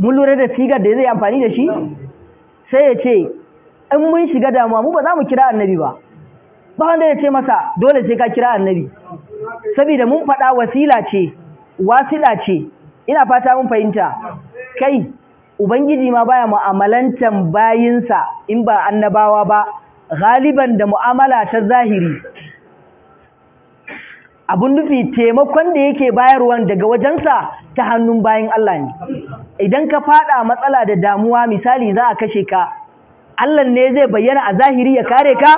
mun lura da sigar da zai amfani da shi sai ya ce in mun shiga damuwa mu ba za mu kira annabi ba ba wanda ya ce masa dole sai ka kira annabi saboda mun faɗa wasila ce wasila ce ina fata mun fahimta kai ubangiji ma baya mu'amalantan bayinsa in ba annabawa ba galiban da mu'amala ta zahiri abun nufi taimakon da yake bayarwan daga wajensa ta hannun bayan Allah ne idan ka fada matsala da damuwa misali za a kashe ka Allah ne zai bayyana a zahiri ya kare ka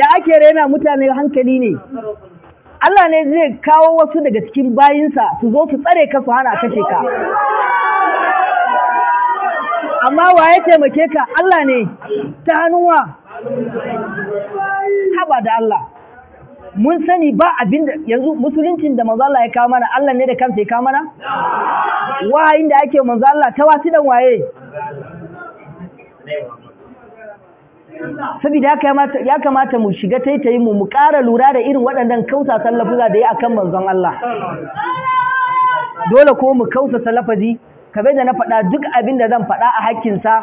ya ake rena mutane hankali ne Allah ne zai kawo wasu daga cikin bayinsa su zo su tsare ka su hana kashe ka amma wa ya taimake ka Allah ne ta hannuwa haba da Allah mun sani ba abin da yanzu musuluncin da manzo Allah ya kawo mana Allah ne da kansa ya kawo mana Wa da ake manzo Allah ta wasu dan waye saboda haka ya kamata mu shiga taitayi mu mu ƙara lura da irin waɗannan kausa sallafuza da ya akan manzon Allah dole ko mu kausa salafazi kabe da na faɗa duk abin da zan faɗa a hakkinsa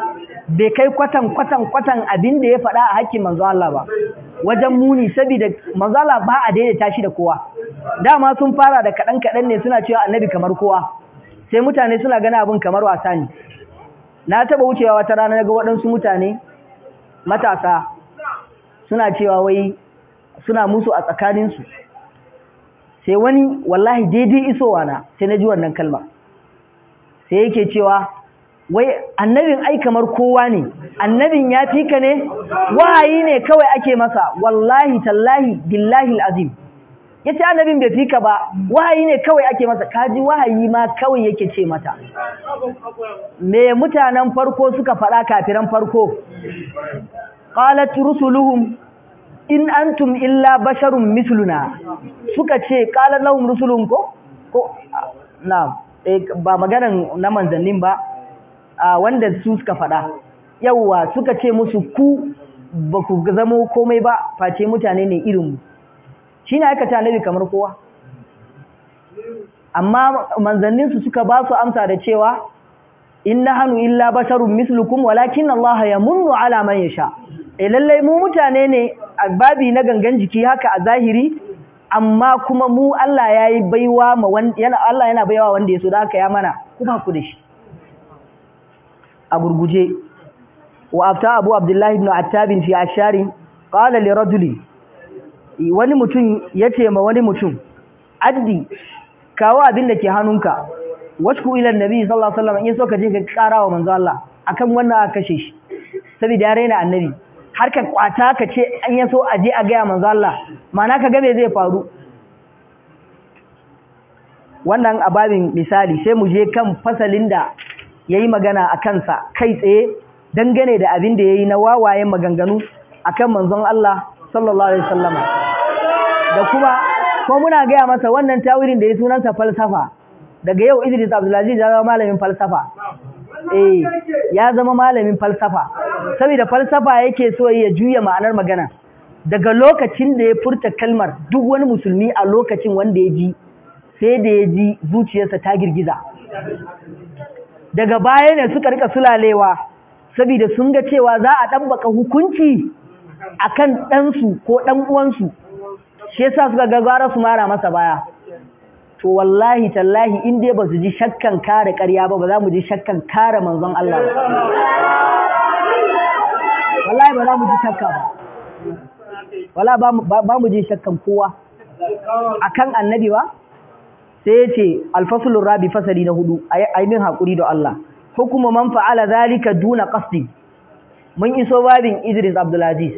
bai kai kwatan kwatan kwatan abin da ya faɗa a hakkin manzo Allah ba wajen muni saboda manzo Allah ba a daidaita tashi da kowa dama sun fara da kaɗan kaɗan ne suna cewa annabi kamar kowa sai mutane suna gana abin kamar wasa ne na taɓa wucewa wata rana na ga waɗansu mutane matasa suna cewa wai suna musu a tsakaninsu sai wani wallahi daidai isowa na sai na ji wannan kalma sai yake cewa wai annabin ai kamar kowa ne annabin ya fi ka ne wahayi ne kawai ake masa wallahi tallahi billahi azim ya ce annabin bai fi ka ba wahayi ne kawai ake masa kaji wahayi ma kawai yake ce mata me mutanen farko suka faɗa kafiran farko qalat rusuluhum in antum illa basharun misluna suka ce qalat lahum ko ko na eh, ba maganan na manzannin ba wanda su suka faɗa yawa suka ce musu ku ba ku zamo komai ba face mutane ne irin mu. shi ne aikata annabi kamar kowa amma manzanninsu suka ba su amsa da cewa Inna hanu illa basharun mislukum walakin Allah ya munnu ala man yasha eh lallai mu mutane ne babi na gangan jiki haka a zahiri amma kuma mu Allah ya yi baiwa wanda Allah yana baiwa wanda da haka ya mana kuma ku da shi a gurguje wa afta abu abdullahi ibn attabin fi ashari qala li rajuli wani mutum ya ce ma wani mutum addi kawo abin da ke hannunka ka. ila annabi sallallahu alaihi wasallam in so ka je ka karawa manzo Allah akan wannan aka kashe shi saboda ya raina annabi har ka kwata ka ce an yaso a je a gaya manzo Allah ma'ana ka ga me zai faru wannan ababin misali sai mu je kan fasalin da ya yi magana a kansa kai tsaye dangane da abin da ya yi na wawayen maganganu a kan manzon Allah sallallahu alaihi wasallama da kuma ko muna gaya masa wannan tawirin da ya sunanta falsafa daga yau Idris Abdulaziz ya zama malamin falsafa eh ya zama malamin falsafa saboda falsafa yake so ya juya ma'anar magana daga lokacin da ya furta kalmar duk wani musulmi a lokacin wanda ya ji sai da ya ji zuciyarsa ta girgiza daga baya ne suka rika sulalewa saboda sun ga cewa za a ɗabbaka hukunci kan ɗansu ko ɗan uwansu shi yasa suka gagara su mara masa baya to wallahi tallahi in dai ba su ji shakkan kare ƙarya ba ba za mu ji shakkan kare manzon Allah ba wallahi ba za mu ji shakka ba wallahi ba mu ji shakkan kowa akan annabi ba sai ya ce alfasulun rabi fasali na hudu a yi min haƙuri da Allah hukuma man fa'ala zalika duna ƙasdi mun iso babin idris abdulaziz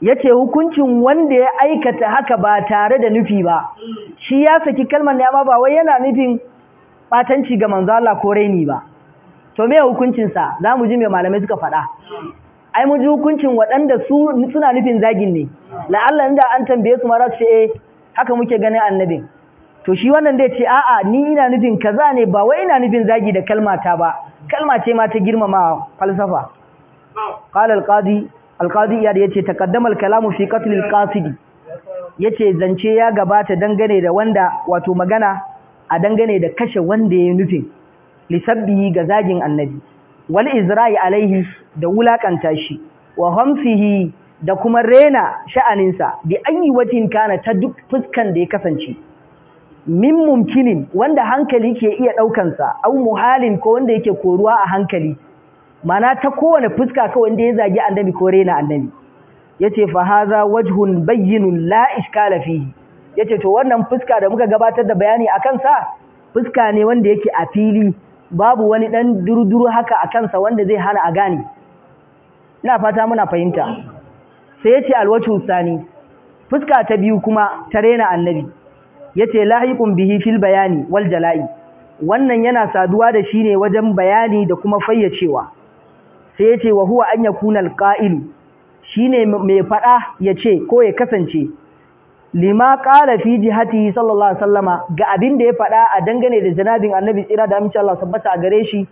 ya ce hukuncin wanda ya aikata haka ba tare da nufi ba shi ya saki kalmar ne amma ba wai yana nufin batanci ga manzala ko raini ba to me hukuncinsa za mu ji me malamai suka faɗa ai mu ji hukuncin waɗanda su suna nufin zagin ne la'alla inda an tambaye su mara su ce eh haka muke ganin annabin to shi wannan zai ce a'a ni ina nufin kaza ne ba wai ina nufin zagi da kalmata ba kalma ce ma ta girmama falsafa qala al-qadi al-qadi ya yace taqaddama al-kalamu fi qatl al-qasidi yace zance ya gabata dangane da wanda wato magana a dangane da kashe wanda ya nufin lisabbihi ga zagin annabi wal izra'i alaihi da wulakanta shi wa hamsihi da kuma rena sha'aninsa bi ayyi watin kana ta duk fuskan da ya kasance min mumkinin wanda hankali ke iya ɗaukansa au muhalin ko wanda yake koruwa a hankali mana ta kowane fuska ka wanda ya zagi annabi ko rena annabi yace fa hadha wajhun bayyinun la iskala fihi ce to wannan fuska da muka gabatar da bayani a kansa. fuska ne wanda yake a fili babu wani ɗan durduru haka a kansa wanda zai hana a gane ina fata muna fahimta sai ya ce alwacin sani fuska ta biyu kuma ta rena annabi yace lahiqun bihi fil bayani wal jala'i wannan yana saduwa da shi ne wajen bayani da kuma fayyacewa sai yace wa huwa an yakuna al qa'il shine mai faɗa ya ce ko ya kasance lima qala fi jihati sallallahu alaihi wasallama ga abin da ya faɗa a dangane da janabin annabi tsira da amince Allah sabbata a gare shi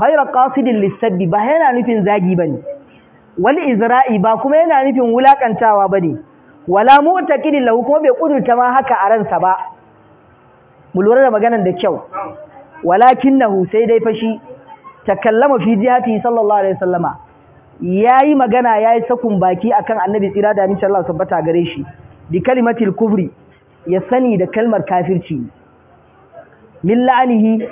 ghayra qasidin lisabbi ba yana nufin zagi bane wal izra'i ba kuma yana nufin wulakantawa bane wala mu'taqidin lahu kuma bai kudurta ma haka a ransa ba mu lura da maganar da kyau walakinahu sai dai fashi takallama fi jihati sallallahu alaihi wasallama yayi magana yayi sakun baki akan annabi tsira da amincin Allah tabbata gare shi bi kalimatil kufri ya sani da kalmar kafirci min la'anihi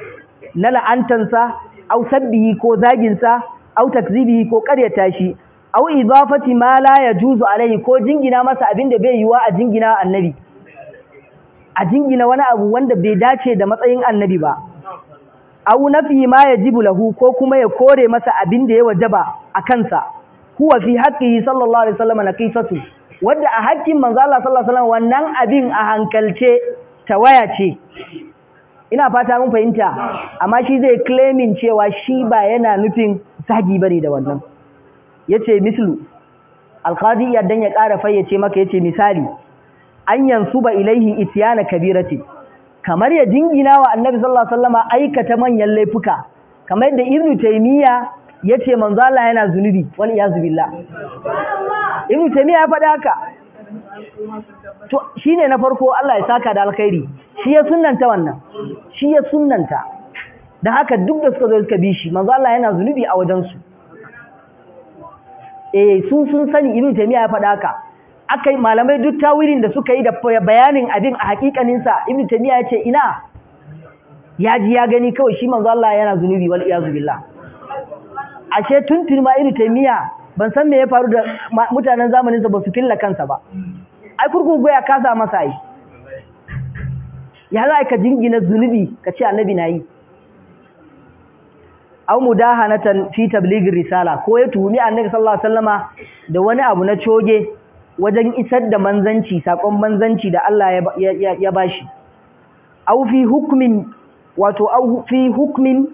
na la'antansa au sabbihi ko zaginsa au takzibihi ko karyata shi aw idafati ma la yajuzu alaihi ko jingina masa abin da bai yiwa a jingina annabi a jingina wani abu wanda bai dace da matsayin annabi ba aw nafi ma yajibu lahu ko kuma ya kore masa abin da ya wajaba a kansa huwa fi haqqihi sallallahu alaihi wasallam naqisatu wanda a haƙƙin manzo Allah sallallahu alaihi wasallam wannan abin a hankalce tawaya ce ina fata mun fahimta amma shi zai claiming cewa shi ba yana nufin zagi bane da wannan Ya ce mislu alqadi ya dan ya ƙara fayyace maka ya ce misali an ba ilaihi Kabira kabirati kamar ya jingina wa annabi sallallahu alaihi wasallama aikata manyan laifuka kamar yadda ibnu taymiya ya manzo Allah yana zunubi wal iyazu billah ibnu taymiya ya faɗa haka to shine na farko Allah ya saka da alkhairi shi ya sunnanta wannan shi ya sunnanta da haka duk da suka zo suka bi shi manzo Allah yana zunubi a wajensu eh su sun sani ibn taymiya ya faɗa haka akai malamai duk tawilin da suka yi da bayanin abin a hakikanin sa ibn taymiya ya ce ina ya ji ya gani kawai shi manzo Allah yana zunubi wal iyazu billah ashe tuntun ma ibn taymiya ban san me ya faru da mutanen zamanin sa ba su filla kansa ba ai kurkuku ya kasa masa yi ya za ka jingina zunubi ka ce annabi na yi aw mudahanatan fi tabligin risala ko ya tuhumi annabi sallallahu alaihi wasallama da wani abu na coge wajen isar da manzanci sakon manzanci da Allah ya bashi aw fi hukmin wato aw fi hukmin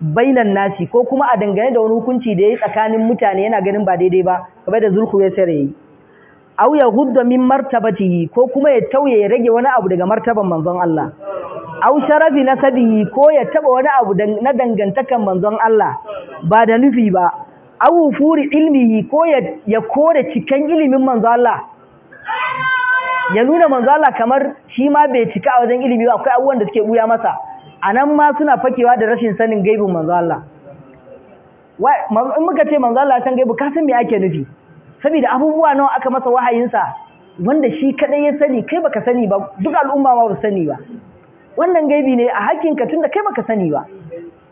bainan nasi ko kuma a dangane da wani hukunci da ya yi tsakanin mutane yana ganin ba daidai ba kamar da zulhu ya sare yi aw ya gudda min martabatihi ko kuma ya tauye ya rage wani abu daga martaban manzon Allah aw sharafi nasabihi ko ya taba wani abu na dangantakan manzon Allah ba da nufi ba aw furi ilmihi ko ya kore cikan ilimin manzon Allah ya nuna manzon Allah kamar shi ma bai cika a wajen ilimi ba akwai abubuwan da suke buya masa anan ma suna fakewa da rashin sanin gaibin manzon Allah in muka ce manzon Allah san gaibu ka san me ake nufi saboda abubuwa nawa aka masa wahayinsa wanda shi kadai ya sani kai baka sani ba duk al'umma ba su sani ba wannan gaibi ne a hakinka tunda kai baka sani ba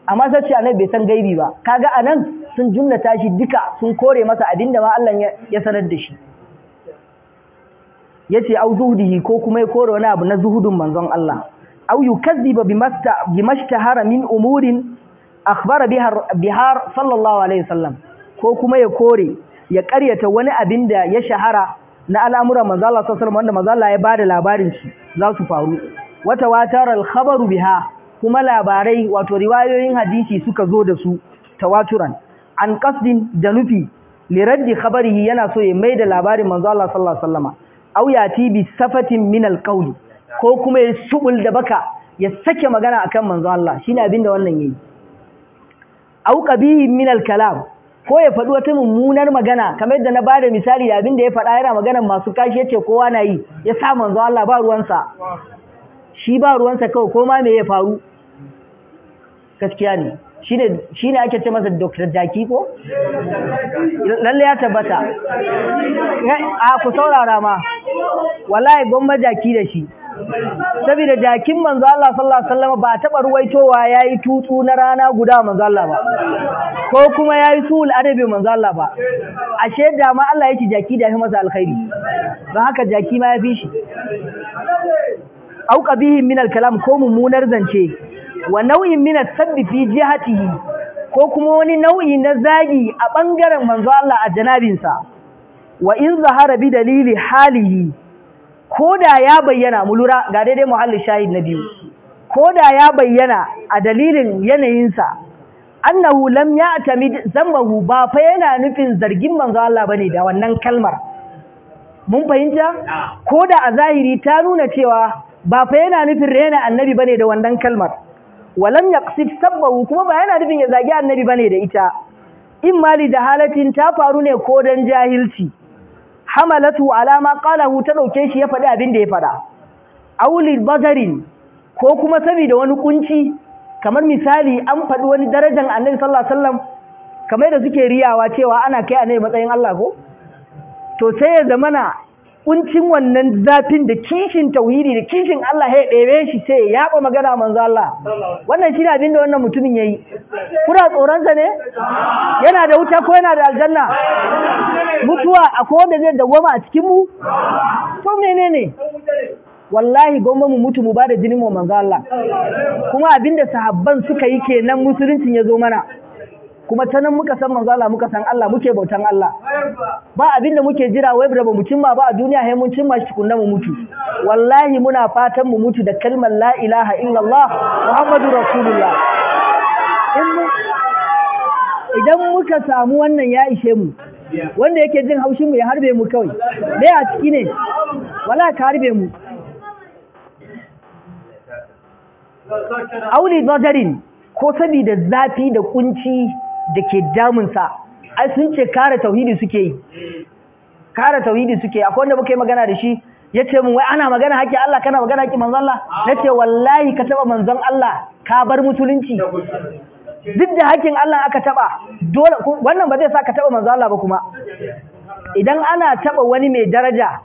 amma sai ce annabi bai san gaibi ba kaga anan sun jumla tashi duka sun kore masa abinda ma Allah ya sanar da shi yace au zuhdihi ko kuma ya kore wani abu na zuhudun manzon Allah au yukazziba bimasta bimashtahara min umurin akhbara biha bihar sallallahu alaihi wasallam ko kuma ya kore ya ƙaryata wani abin da ya shahara na al'amura manzo Allah sallallahu wanda manzo Allah ya bada labarin shi za su faru wata watar al-khabaru biha kuma labarai wato riwayoyin hadisi suka zo da su tawaturan an qasdin da nufi li raddi khabarihi yana so ya maida labarin manzo Allah sallallahu alaihi aw yati bi safatin min al-qawli ko kuma ya subul baka ya sake magana akan manzo Allah shine abin da wannan yayi aw min al-kalam ko ya faɗi wata mummunar magana kamar yadda na bada misali da abin da ya faɗa yana magana masu kashi yace kowa na yi ya sa manzo Allah ba ruwansa shi ba ruwansa kawai ko ma me ya faru gaskiya ne shine shine ake ce masa Dr. Jaki ko lalle ya tabbata eh, a ku saurara ma wallahi gwamma jaki da shi saboda jakin manzo Allah sallallahu alaihi wasallam ba taba ruwaitowa yayi tutu na rana guda manzo Allah ba ko kuma yayi sul adabi manzo Allah ba ashe da ma Allah yake jaki da fi masa alkhairi don haka jaki ma yafi shi au qabihi min alkalam kalam ko mummunar zance wa nau'in min asabbi fi jihatihi ko kuma wani nau'i na zagi a bangaren manzo Allah a janabinsa wa in zahara bi dalili halihi Koda ya bayyana mu lura ga daidai muhallin shahid na biyu ko ya bayyana a dalilin yanayinsa annahu lam ya'tamid zambahu ba fa yana nufin zargin manzo Allah bane da wannan kalmar mun fahimta koda a zahiri ta nuna cewa ba fa yana nufin rena annabi bane da wannan kalmar walam yaqsid sabbahu kuma ba yana nufin ya zagi annabi bane da ita in mali da halatin ta faru ne ko dan jahilci hamalatu alama qalahu ta dauke shi ya faɗi abin da ya faɗa auli bazarin ko kuma saboda wani kunci kamar misali an faɗi wani darajar annabi sallallahu alaihi wasallam kamar da suke riyawa cewa ana kai annabi matsayin Allah ko to sai ya zamana kuncin wannan zafin da kishin tauhidi da kishin Allah ya ɗebe shi sai ya yaba magana manzo Allah wannan shine abin da wannan mutumin yayi kuna tsoron sa ne yana da wuta ko yana da aljanna mutuwa akwai wanda zai dawwama a cikin mu to menene wallahi gomma mu mutu mu ba da jinin mu manzo Allah kuma abinda sahabban suka yi kenan musuluncin ya zo mana kuma ta nan muka san manzo Allah muka san Allah muke bautan Allah ba abin da muke jira wai da bamu cimma ba a duniya sai mun cimma shi kunna mu mutu wallahi muna fatan mu mutu da kalmar la ilaha illallah muhammadu rasulullah idan muka samu wannan ya ishe mu wanda yake jin haushin mu ya harbe mu kawai dai a ciki ne wala ka harbe mu auli Nazarin, ko sabida zafi da kunci da ke damunsa ai sun ce kare tauhidi suke yi kare tauhidi suke akwai wanda muka yi magana da shi ya ce min wai ana magana haƙƙi Allah kana magana haƙƙi manzon Allah na ce wallahi ka taɓa manzon Allah ka bar musulunci duk da haƙƙin Allah aka taɓa dole wannan ba zai sa ka taɓa manzon Allah ba kuma idan ana taɓa wani mai daraja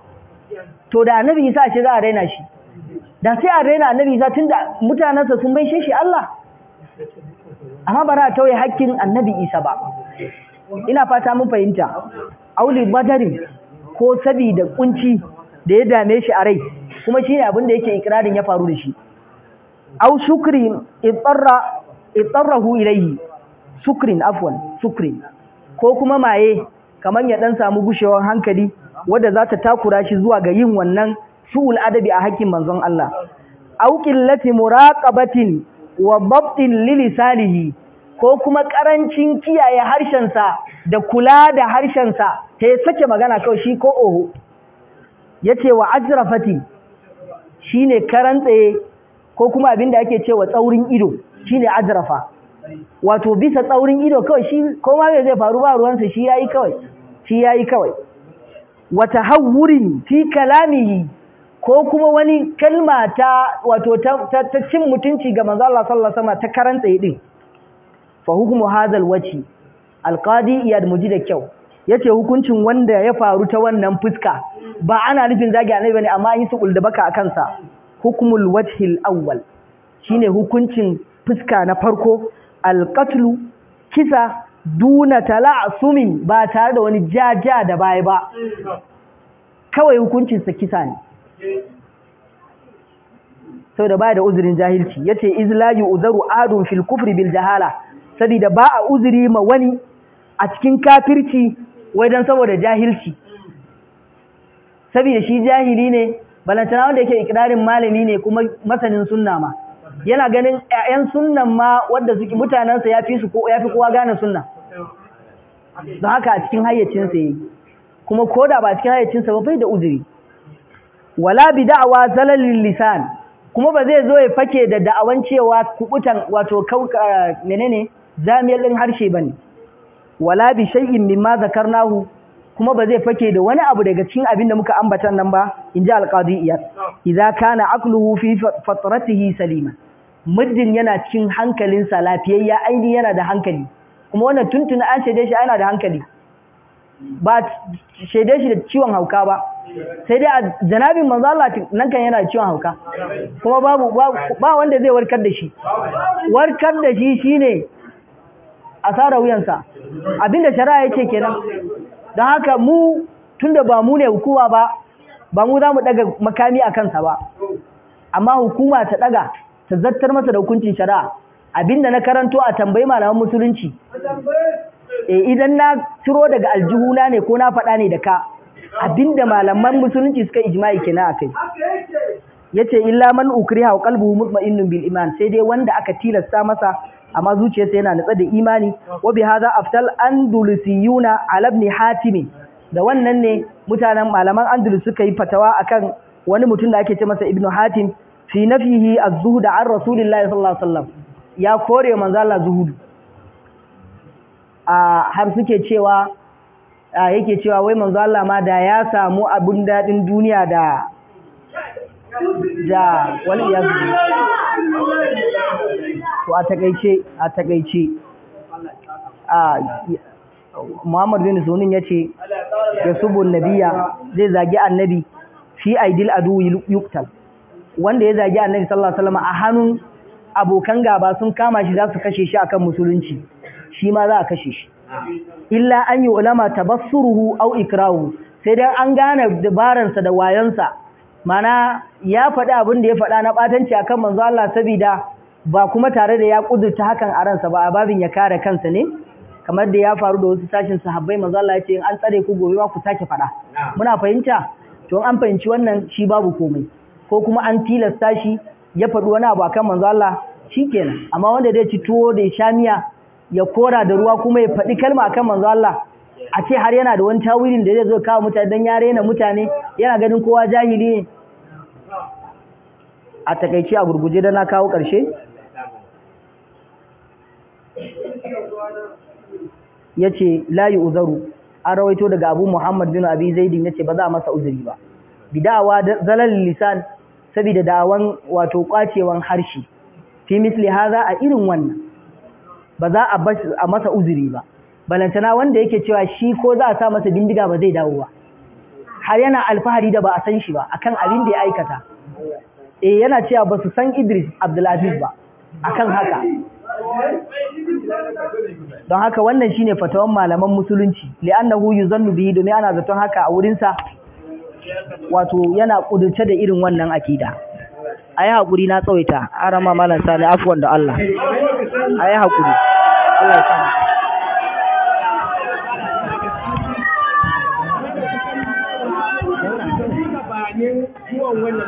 to da annabi Isa ce za a raina shi da sai a raina annabi Isa tunda mutanensa sun bai shi Allah amma ba na tauye hakkin annabi isa ba ina fata mun fahimta auli badari ko sabida kunci da ya dame shi a rai kuma shi ne abin da yake ikirarin ya faru da shi au shukri itarra itarrahu ilayhi shukrin afwan shukrin, ko kuma maye kamar ya dan samu gushewar hankali wadda za ta takura shi zuwa ga yin wannan su'ul adabi a hakkin manzon Allah au qillati muraqabatin wa babtin lilisanihi ko kuma ƙarancin kiyaye harshensa da kula da harshensa ta ya sake magana kawai shi ko oho ya ce wa ajrafati shi ne karan tsaye ko kuma abin da ake cewa tsaurin ido shi ne ajrafa wato bisa tsaurin ido kawai shi ko ma zai faru ba ruwansa shi ya yi kawai shi yayi kawai wa tahawurin fi kalamihi ko kuma wani kalma ta wato ta, cin mutunci ga manzo Allah sallallahu alaihi wasallam ta karanta yi din fa hukmu hadal waji alqadi iyad muji da kyau yace hukuncin wanda ya faru ta wannan fuska ba ana nufin zagi annabi bane amma yi su da baka akan sa hukmul wajhi awwal shine hukuncin fuska na farko alqatlu kisa duna tala'sumin ba tare da wani jaja da baya ba kawai hukuncinsa kisa ne saboda ba da uzurin jahilci Ya ce izlayu uzaru adun fil kufri bil jahala saboda ba a uzuri ma wani a cikin kafirci wai saboda jahilci saboda shi jahili ne balantana wanda yake ikirarin malami ne kuma masanin sunna ma yana ganin 'ya'yan sunnan ma wanda suke mutanansa ya su kowa gane sunna don haka a cikin hayyacinsa yayi kuma koda ba a cikin hayyacinsa ba bai da uzuri wala bi da'awa zalalil lisan kuma ba zai zo ya fake da da'awan cewa kubutan wato kauka menene zamiyar din harshe bane wala bi shay'in mimma zakarnahu kuma ba zai fake da wani abu daga cikin abin da muka ambata nan ba inji alqadi iyas idza kana aqluhu fi fatratihi salima muddin yana cikin hankalinsa lafiyayya aini yana da hankali kuma wannan tuntuna an shaide shi yana da hankali ba shaide shi da ciwon hauka ba sai dai a janabin manzo Allah nan kan yana ciwon hauka kuma babu ba wanda zai warkar da shi warkar da shi shine a sara wuyansa abinda shari'a yake kenan don haka mu tunda ba mu ne hukuma ba ba mu za daga makami a kansa ba amma hukuma ta daga ta zartar masa da hukuncin shari'a abinda na karanto a tambayi malaman musulunci eh idan na ciro daga aljihuna ne ko na faɗa ne da ka abinda malaman musulunci suka ijma'i kenan kai yace illa man ukriha wa qalbuhu mutma'innun bil iman sai dai wanda aka tilasta masa amma zuciyarsa yana natsa da imani wa bi hadha aftal andalusiyuna ala ibn hatim da wannan ne mutanen malaman andalus suka yi fatawa a kan wani mutum da ake ce masa ibn hatim fi nafihi az-zuhd an rasulillahi sallallahu alaihi wasallam ya kore manzo Allah a har suke cewa yake cewa wai manzo Allah ma da ya samu abin dadin duniya da da wani ya to a takaice a takaice a Muhammad bin Sunan ya ce ya subun nabiya zai zagi annabi fi aidil adu yuktal wanda ya zagi annabi sallallahu alaihi wasallam a hannun abokan gaba sun kama shi za su kashe shi akan musulunci shi ma za a kashe shi illa an yi ulama tabassuruhu au ikrahu sai dai an gane dabaransa da wayansa mana ya faɗi abin da ya faɗa na batanci akan manzo Allah saboda ba kuma tare da ya kudurta hakan a ransa ba a babin ya kare kansa ne kamar da ya faru da wasu sashin sahabbai manzo Allah ya ce in an tsare ku gobe ma ku sake faɗa muna fahimta to an fahimci wannan shi babu komai ko kuma an tilasta shi ya faɗi wani abu akan manzo Allah shikenan amma wanda zai ci tuwo da shamiya ya kora da ruwa kuma ya faɗi kalma akan manzo Allah a ce har yana da wani tawilin da zai zo kawo mutane dan ya rena mutane yana ganin kowa jahili ne a takaice a gurguje da na kawo ƙarshe ya ce layi uzaru an rawaito daga abu muhammad bin abi zaidin ya ce ba za a masa uzuri ba bidawa zalal lisan saboda da'awan wato kwacewan harshe fi misli haza a irin wannan ba za a bas a masa uzuri ba balantana wanda yake cewa shi ko za a sa masa bindiga ba zai dawo ba har yana alfahari da ba a san shi ba akan abin da ya aikata eh yana cewa ba su san Idris Abdulaziz ba akan haka don haka wannan shine fatawan malaman musulunci li'annahu yuzannu bihi domin ana zaton haka a wurin sa wato yana kudurce da irin wannan akida ayi hakuri na tsawaita arama malam sani afwan da Allah a yi haƙuri Allah ya samu to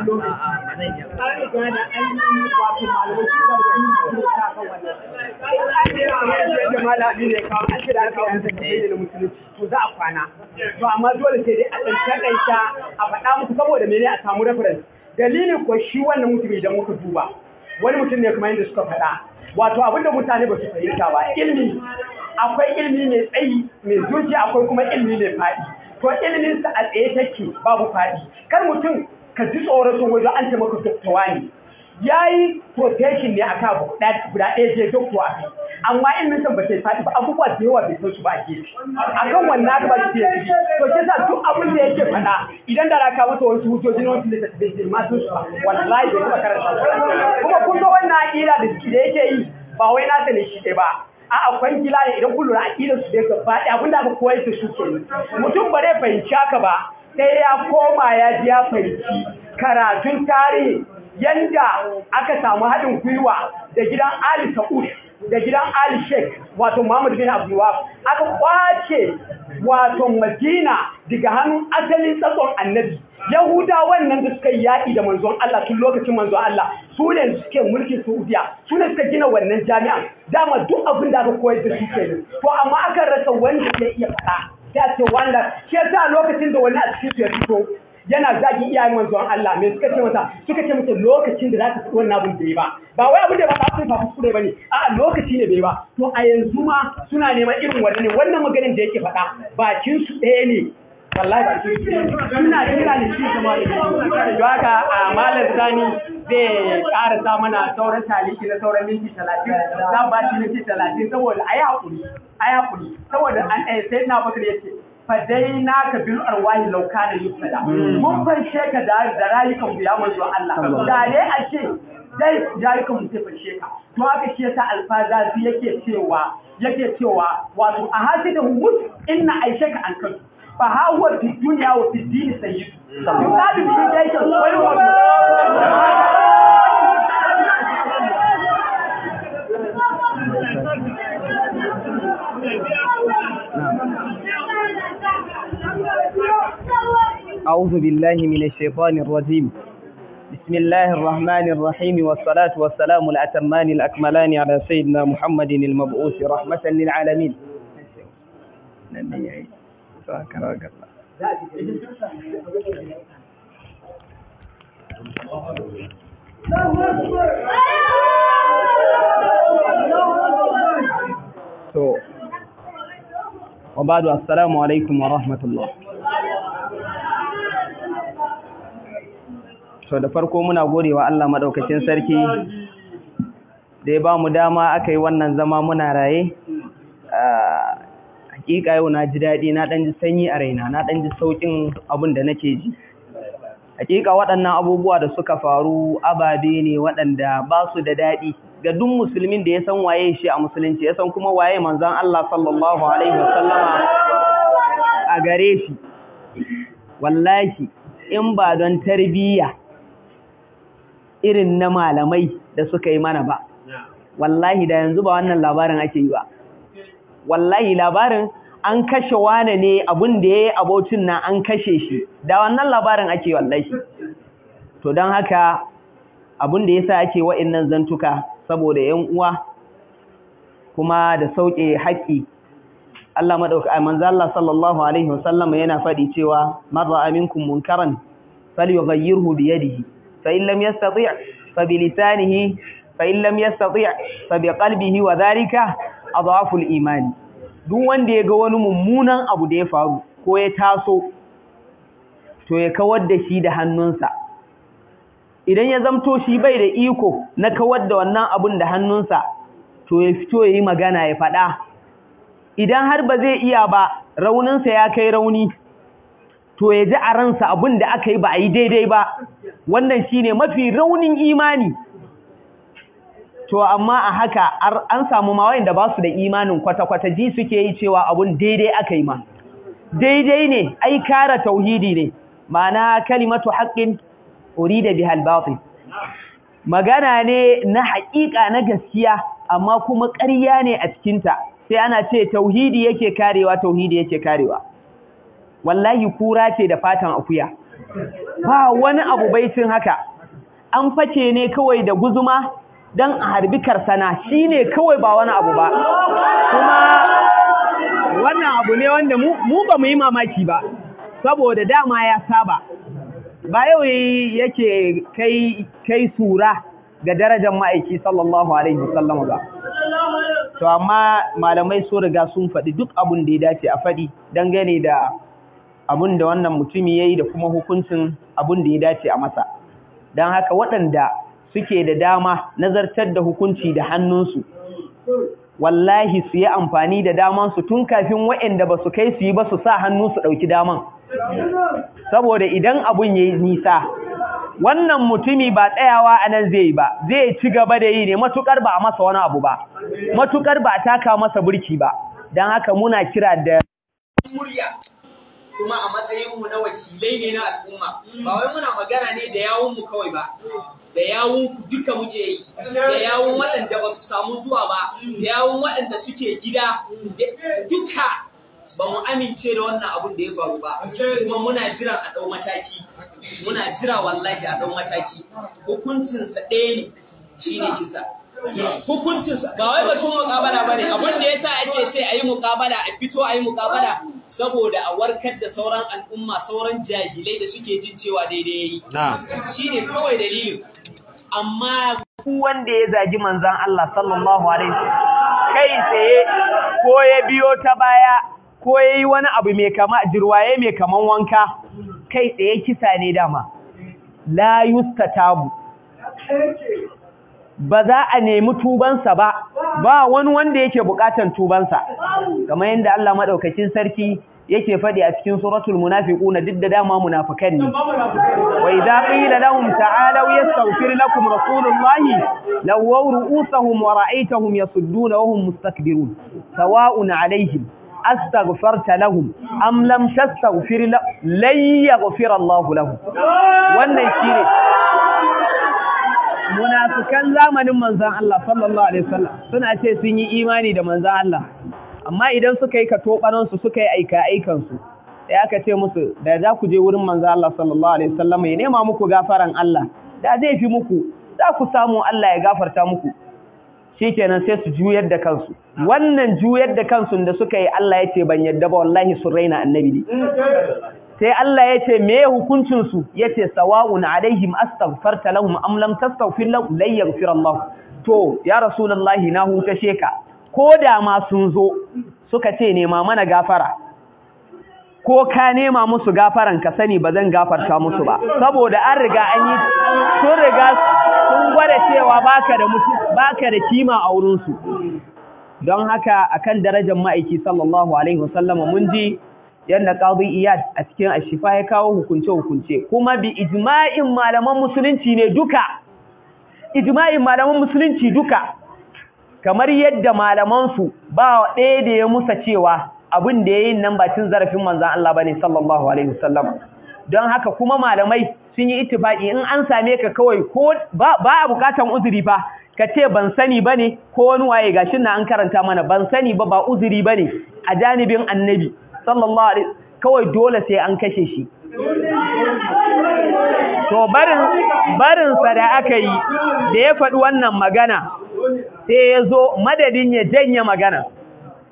dole sai a a faɗa saboda samu dalilin ko shi wannan mutum idan muka duba wani mutum ne kuma yadda suka faɗa wato abinda mutane ba su fahimta ba ilmi akwai ilmi mai tsayi mai zuciya akwai kuma ilimi mai faɗi to ilminsa a tsaye take babu faɗi kar mutum ka ji tsoron wajen an ce maka ya yi protection ne a kawo guda ɗaya je don kuwa amma in nisan ba sai faɗi ba abubuwa da yawa bai san su ba a gefe kan wannan ba su yi to ke sa duk abin da yake faɗa idan da raka masa wasu hujjoji na wasu da bai girma sun su ba wallahi bai kuma karanta kuma kun ga wannan aƙila da da yake yi ba wai na sani shi ɗaya ba a akwai gila ne idan kun lura aƙidar su da ya faɗi abin da aka koyar da su ke mutum ba zai fahimci haka ba sai ya koma ya ji ya fahimci karatun tarihi yanda aka samu haɗin gwiwa da gidan Ali Saud da gidan Ali Sheikh wato Muhammad bin Abdul aka kwace wato Madina daga hannun asalin tsakon Annabi Yahuda wannan da suka yi yaƙi da manzon Allah tun lokacin manzon Allah su ne suke mulkin Saudiya su ne suka gina wannan jami'an dama duk abin da aka koyar da su kenan to amma aka rasa wanda ya iya faɗa ya ce wanda shi yasa lokacin da wani a cikin su ya fito yana zagin iyayen manzon Allah me suka ce masa suka ce masa lokacin da za ka wannan abin da ba ba wai abin da ba za su fa kuskure bane a lokaci ne bai ba to a yanzu ma suna neman irin wannan ne wannan maganin da yake faɗa bakin su ɗaya ne wallahi bakin su suna kira ne shi kuma da haka a malam sani zai karasa mana sauran taliki na sauran minti talatin za ba shi minti talatin saboda a yi haƙuri a yi haƙuri saboda an ɗaya eh, sai na bakar ya ce فديناك بالأرواح لو كان يفعل ممكن شيك دار دراليكم بيامزو الله داري أشي داري داريكم ممكن شيك توقع شيك الفازة يكي تيوا يكي تيوا واتو أهاتي ده موت إنا أشيك أنكم فهو في الدنيا وفي الدين سيب يمتاب بشيك أول وقت Yeah. أعوذ بالله من الشيطان الرجيم بسم الله الرحمن الرحيم والصلاة والسلام الأتمان الأكملان على سيدنا محمد المبعوث رحمة للعالمين So, وبعد السلام عليكم ورحمة الله So da farko muna wa Allah maɗaukacin sarki da ya ba mu dama aka yi wannan zama muna raye. Hakika yau na ji daɗi na ɗan ji sanyi a raina na ɗan ji sauƙin abin da nake ji. Hakika waɗannan abubuwa da suka faru ababe ne waɗanda ba su da daɗi ga duk musulmin da ya san waye shi a musulunci ya san kuma waye manzon Allah sallallahu alaihi wasallama a gare shi. Wallahi in ba don tarbiyya irin na malamai da suka yi mana ba wallahi da yanzu ba wannan labarin ake yi ba wallahi labarin an kashe wane ne abin da ya yi abocin nan an kashe shi da wannan labarin ake wallahi to don haka abin da ya sa ake wa'innan zantuka saboda yan uwa kuma da sauƙe haƙƙi Allah a manzo Allah sallallahu alaihi wasallam yana faɗi cewa marra aminkum munkaran falyughayyirhu bi yadihi fa in lam yastati' fa bi lisanihi fa in lam yastati' duk wanda ya ga wani mummunan abu da ya faru ko ya taso to ya kawar da shi da hannunsa idan ya zamto shi bai da iko na kawar da wannan abun da hannunsa to ya fito ya yi magana ya faɗa idan har ba zai iya ba rauninsa ya kai rauni to ya ji a ransa abin da aka yi ba a yi daidai ba wannan shine mafi raunin imani to amma a haka an samu ma wayanda ba su da imanin kwata-kwata ji suke yi cewa abin daidai aka yi ma daidai ne ai kara tauhidi ne ma'ana kalimatu haqqin urida bihal batil magana ne na haƙiƙa na gaskiya amma kuma ƙarya ne a cikinta sai ana ce tauhidi yake karewa tauhidi yake karewa wallahi kura ce da fatan akuya ba wani abu baicin haka an fake ne kawai da guzuma don a harbi karsana shine kawai ba wani abu ba kuma wannan abu ne wanda mu ba mu yi mamaki ba saboda dama ya saba ba yau yake kai kai sura ga darajar ma'aiki sallallahu alaihi wasallam ba to amma malamai so riga sun faɗi duk abun da ya dace a faɗi dangane da abin da wannan mutumi ya yi da kuma hukuncin abin da ya dace a masa don haka waɗanda suke da dama nazartar da hukunci da hannunsu wallahi su yi amfani da damansu tun kafin waɗanda ba su kai su yi ba su sa hannu su ɗauki daman saboda idan abun ya yi nisa wannan mutumi ba tsayawa a nan zai yi ba zai ci gaba da yi ne matuƙar ba a masa wani abu ba matuƙar ba a taka masa burki ba don haka muna kira da murya kuma a matsayinmu na wakilai ne na al'umma ba wai muna magana ne da yawunmu kawai ba da yawun ku duka muke yi da yawun waɗanda ba su samu zuwa ba da yawun waɗanda suke gida duka ba mu amince da wannan abun da ya faru ba kuma muna jiran a ɗau mataki muna jira wallahi a ɗau mataki hukuncinsa ɗaya ne shine kisa hukuncinsa ga wai batun mukabala ne. Abun da yasa ake ce a yi mukabala a fito a yi mukabala saboda a warkar da sauran al'umma sauran jahilai da suke jin cewa daidai yi, shi ne kawai dalilin amma wanda ya zagi manzan Allah sallallahu alaihi kai tsaye ko ya biyo ta baya ko ya yi wani abu mai kama jirwaye mai kaman wanka kai tsaye kisa ne dama la tabu. ba za a nemi tubansa ba ba wani wanda yake buƙatan tubansa kamar yadda Allah maɗaukacin sarki yake faɗi a cikin suratul munafiquna duk da dama munafikan ne wa idza qila lahum ta'alu yastaghfir lakum rasulullahi lawaw ru'usahum wa ra'aytahum yasudduna wa hum mustakbirun sawa'un alaihim astaghfarta lahum am lam tastaghfir lahum lan yaghfir Allah wannan shine munafikan zamanin manzan Allah sallallahu alaihi wasallam suna ce sun yi imani da manzan Allah amma idan suka yi katobanan su suka yi aika aikansu su sai ce musu da za ku je wurin manzan Allah sallallahu alaihi wasallam ya nema muku gafaran Allah da zai fi muku za ku samu Allah ya gafarta muku shikenan sai su juyar da kansu wannan juyar da kansu da suka yi Allah ya ce ban yadda ba wallahi sun raina annabi sai Allah ya ce me hukuncin su yace sawa'un alaihim astaghfarta lahum am lam tastaghfir lahum lan yaghfir Allah to ya rasulullahi na hutashe ka ko da ma sun zo suka ce nema mana gafara ko ka nema musu gafaran ka sani ba zan gafarta musu ba saboda an riga an yi sun riga sun gwada cewa baka da mutu baka da kima a wurin su don haka akan darajar ma'aiki sallallahu alaihi wasallam mun ji yadda qadi iyad a cikin ashifa ya kawo hukunce hukunce kuma bi ijma'in malaman musulunci ne duka ijma'in malaman musulunci duka kamar yadda malaman su ba ɗaya da ya musa cewa abin da yayin nan ba cin zarafin manzon Allah bane sallallahu alaihi wasallam don haka kuma malamai sun yi ittifaki in an same ka kawai ko ba a bukatan uzuri fa ka ce ban sani ba ko wani waye gashin na an karanta mana ban sani ba ba uzuri bane a janibin annabi sallallahu alaihi kawai dole sai an kashe shi to barin barin sa da aka yi da ya faɗi wannan magana sai ya zo madadin ya janye magana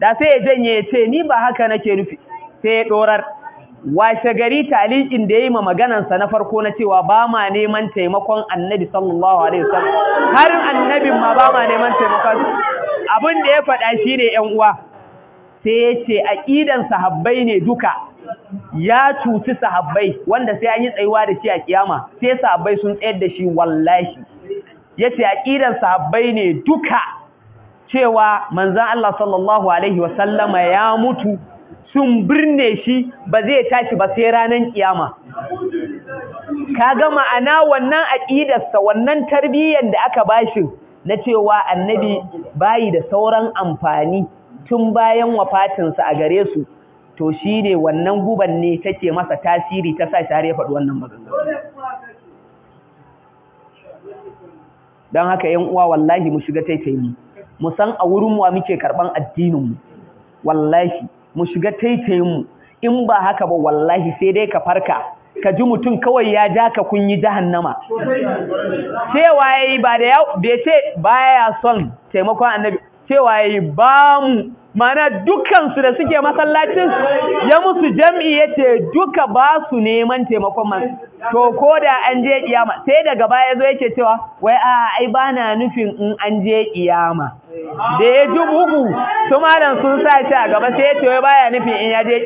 da sai ya janye ya ce ni ba haka nake nufi sai ya dorar washe gari talikin da ya yi ma maganansa na farko na cewa ba ma neman taimakon annabi sallallahu alaihi wasallam har annabin ma ba ma neman taimakon abin da ya faɗa shi ne ‘yan uwa sai ya ce aƙidan sahabbai ne duka ya cuci sahabbai wanda sai an yi tsayuwa da shi a kiyama sai sahabbai sun tsayar da shi wallahi ya ce aƙidan sahabbai ne duka cewa manzan Allah sallallahu alaihi wasallama ya mutu sun birne shi ba zai tashi ba sai ranar kiyama ga ma'ana wannan aƙidarsa wannan tarbiyyar da aka bashi na cewa annabi bayi da sauran amfani tun bayan wafatinsa a gare su to shi ne wannan guban ne take masa tasiri ta sa shi har ya faɗi wannan maganganu don haka yan uwa wallahi mu shiga taitayi mu san a wurin wa muke karɓan addinin mu wallahi mu shiga taitaimu in ba haka ba wallahi sai dai ka farka ka ji mutum kawai ya ja ka kun yi jahannama cewa yayi ba da yau, bai ce baya son taimakon annabi cewa yi ba mu mana dukansu da suke masallacin ya musu jam'i ya ce duka ba su neman taimakon man to ko da an je kiyama sai daga baya zo yake cewa wai a ai bana nufin in an je kiyama da ya ji bugu su malam sun sa shi a gaba sai ya ce wai baya nufin in ya je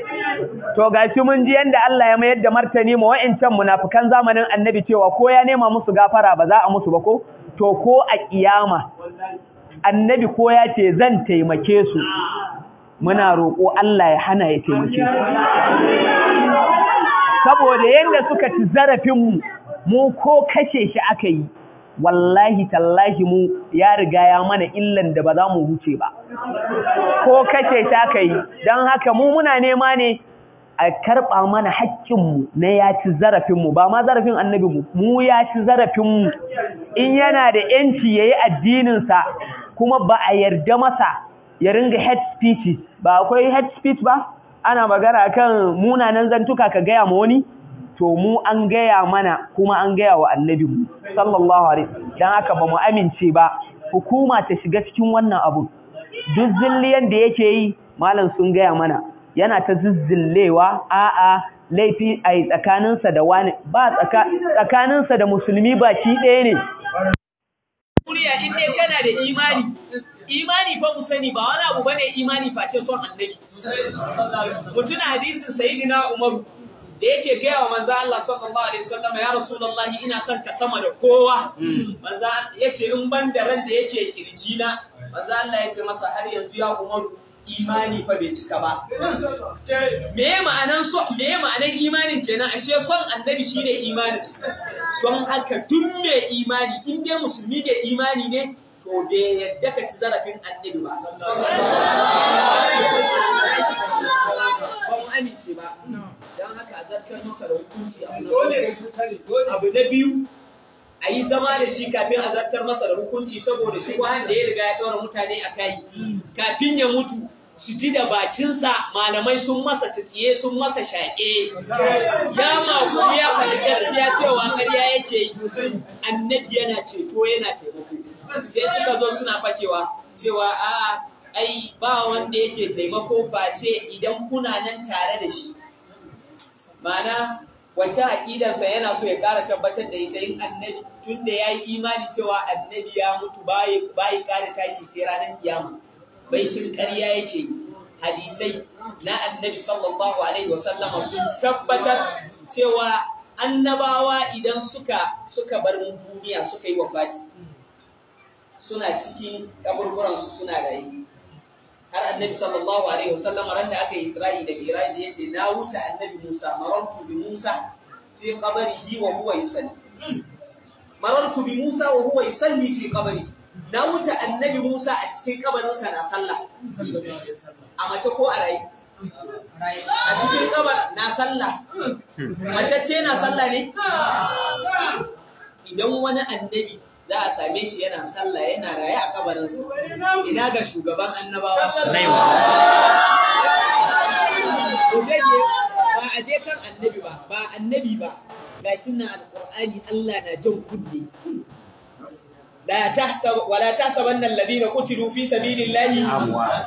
to gashi mun ji yadda Allah ya mayar da martani ma wa'ancan munafukan zamanin annabi cewa ko ya nema musu gafara ba za a musu ba ko to ko a kiyama annabi ko ya ce zan taimake su muna roƙo Allah ya hana ya taimake su saboda yadda suka ci zarafinmu mu ko kashe shi aka yi wallahi tallahi mu ya riga ya mana illan da ba za mu huce ba ko kashe shi aka yi, don haka mu muna nema ne a karɓa mana haƙƙinmu na ya ci zarafinmu ba ma zarafin annabi mu mu ya ci zarafinmu in yana da ‘yanci ya yi addininsa kuma ba a yarda masa ya ringa head speech ba akwai head speech ba ana magana kan munanan zantuka ka gaya ma wani to mu an gaya mana kuma an gaya wa annabi mu sallallahu alaihi dan haka ba mu amince ba hukuma ta shiga cikin wannan abu duk zilliyan da yake yi malam sun gaya mana yana ta zizzillewa a'a laifi a tsakaninsa da wani ba tsakaninsa da musulmi baki ɗaya ne duniya in dai kana da imani imani fa mu sani ba wani abu bane imani face son annabi mutuna hadisin sayyidina umar da yake gaya wa manzo Allah sallallahu alaihi wasallam ya Rasulullahi ina son ka sama da kowa manzo yace in ban da ran da yake kirji na manzo Allah yace masa har yanzu ya Umaru. imani fa bai cika ba me ma'anan so me ma'anan imanin kenan ashe son annabi shine imanin don haka duk mai imani in dai musulmi ne imani ne to bai yadda ka ci zarafin annabi ba ba amince ba don haka masa da hukunci abu na biyu a zama da shi kafin a zartar masa da hukunci saboda shi da ya riga ya ɗora mutane a kai mm. kafin ya mutu su ji da bakinsa malamai sun masa tatsiye sun masa shaƙe ya maku ya faɗi gaskiya cewa ƙarya yake yi annabi yana ceto yana taimako sai suka zo suna fakewa cewa a ai ba wanda yake taimako face idan kuna nan tare da shi Mana wata aƙidarsa yana so ya ƙara tabbatar da ita yin annabi tun da ya yi imani cewa annabi ya mutu ba ya ƙara tashi sai ranar kiyama baitin ƙarya yake hadisai na annabi sallallahu alaihi wasallama sun tabbatar cewa annabawa idan suka suka bar duniya suka yi wafati suna cikin kaburburansu suna rayu har annabi sallallahu alaihi wasallam ran da aka yi isra'i da miraji yace na wuce annabi Musa marartu bi Musa fi qabrihi wa huwa yusalli marartu bi Musa wa huwa yusalli fi qabrihi na wuce annabi Musa a cikin kabarinsa na sallah a mace ko a raye. a cikin kabar na sallah mace ce na sallah ne idan wani annabi za a same shi yana sallah yana raye a kabarinsa ina ga shugaban annabawa ba a je kan annabi ba ba annabi ba ga shi na alƙur'ani Allah na jan kunne la tahsab wala tahsabanna alladhina qutilu fi sabilillahi amwat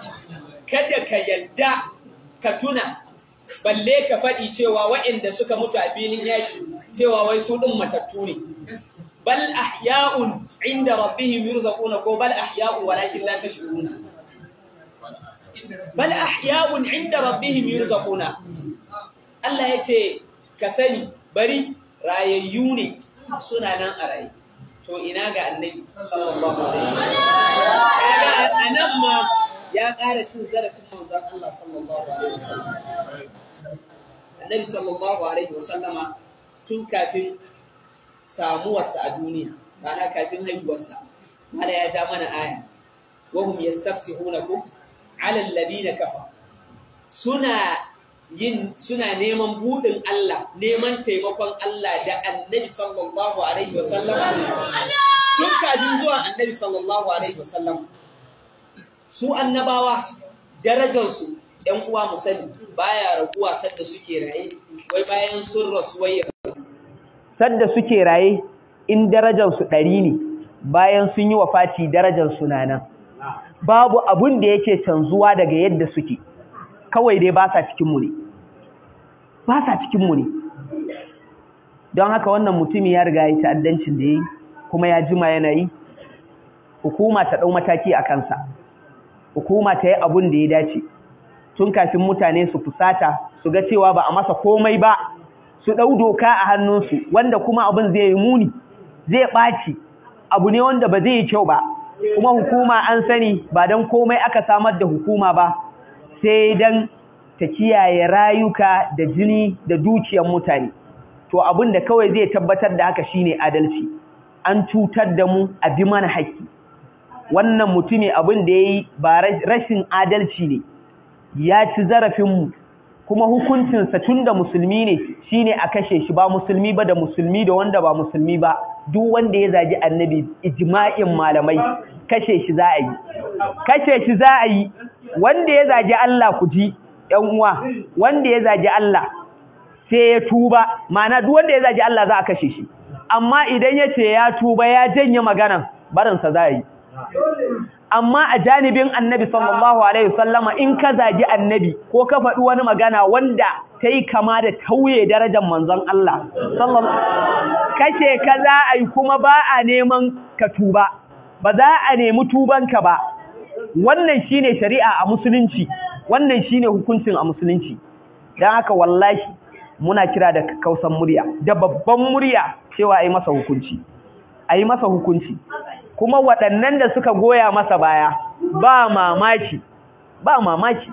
kada ka yadda ka tuna balle ka faɗi cewa waɗanda suka mutu a filin yaki cewa wai su ɗin matattu ne bal ahya'un inda rabbihim yurzaquna ko bal ahya'un walakin la tashuruna bal ahya'un inda rabbihim yurzaquna Allah yace ka sani bari rayayyu ne suna nan a raye to ina ga annabi sallallahu alaihi wasallam kaga anan ma ya ƙara cin zarafin manzon Allah sallallahu alaihi wasallam annabi sallallahu alaihi tun kafin samuwarsa a duniya ma'ana kafin haihuwarsa mala ya ja mana aya wa hum yastaftihunakum ala alladhina kafaru suna yin suna neman buɗin Allah neman taimakon Allah da annabi sallallahu alaihi wasallam tun kafin zuwa annabi sallallahu alaihi wasallam su annabawa darajarsu ɗan uwa musali baya raguwa sadda suke raye wai bayan sun rasu wai sadda suke raye in darajarsu ɗari ne bayan sun yi wafati darajarsu na nan babu abun da yake canzuwa daga yadda suke kawai dai ba sa cikinmu ne ba sa cikinmu ne don haka wannan mutumi ya riga ya yi ta'addancin da ya yi kuma ya jima yanayi hukuma ta ɗau mataki a kansa hukuma ta yi abun da ya dace tun kafin mutane su fusata su ga cewa ba a masa komai ba su ɗau doka a hannunsu wanda kuma abin zai yi muni zai ɓaci abu ne wanda ba zai yi kyau ba kuma hukuma an sani ba don komai aka samar da hukuma ba sai dan ta kiyaye rayuka da jini da dukiyar mutane to abin da kawai zai tabbatar da haka shine adalci an cutar da mu a bi mana haƙƙi wannan mutumi abin da yayi ba rashin adalci ne ya ci zarafin mu kuma hukuncinsa tun da musulmi ne shine a kashe shi ba musulmi ba da musulmi da wanda ba musulmi ba duk wanda ya zagi annabi ijma'in malamai kashe shi za a yi kashe shi za a yi wanda ya zagi Allah ku ji ƴan uwa wanda ya zagi Allah sai ya tuba ma'ana duk wanda ya zagi Allah za a kashe shi amma idan ya ce ya tuba ya janye maganan barinsa za yi amma a janibin annabi sallallahu alaihi wasallama in ka zagi annabi ko ka faɗi wani magana wanda ta yi kama da tauye darajar manzon Allah kace ka za a yi kuma ba a neman ka tuba ba za a nemi tubanka ba wannan shine shari'a a musulunci wannan shine hukuncin a musulunci dan haka wallahi muna kira da kausan murya da babban murya cewa ai masa hukunci yi masa hukunci kuma waɗannan da suka goya masa baya ba mamaki ba mamaki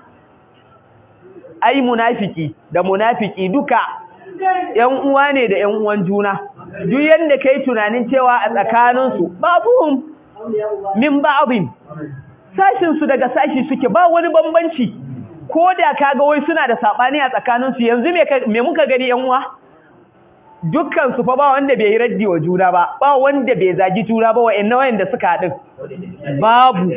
ai munafiki da munafiki duka yan uwa ne da yan uwan juna duk yadda kai tunanin cewa a tsakaninsu babu min ba abin. sashinsu su daga sashi suke ba wani bambanci ko da kaga wai suna da saɓani a tsakaninsu, yanzu me muka gani yan uwa dukkan fa ba wanda bai yi raddi wa juna ba ba wanda bai zagi juna ba nawa da suka haɗin babu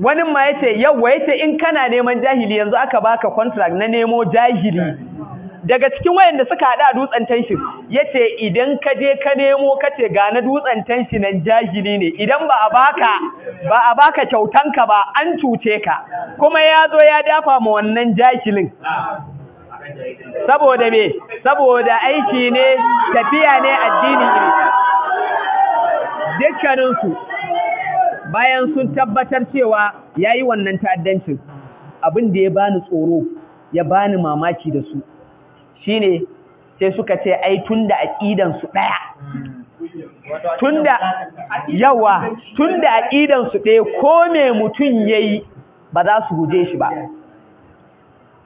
wani ma yace yawa yace in kana neman jahili yanzu aka baka contract na nemo jahili daga cikin wayanda suka hada dutsen tanshi yace idan ka je ka nemo ka ce ga na dutsen tanshi nan jahili ne idan ba a baka ba a baka kyautanka ba an cuce ka kuma ya zo ya dafa ma wannan jahilin saboda me saboda aiki ne tafiya ne addini ne dukkaninsu bayan sun tabbatar cewa yayi wannan ta'addancin abin da ya bani tsoro ya bani mamaki da su shine sai suka ce ai tunda aqidan su daya tunda yawa tunda aqidan su ɗaya, ko me mutun yayi ba za su guje shi ba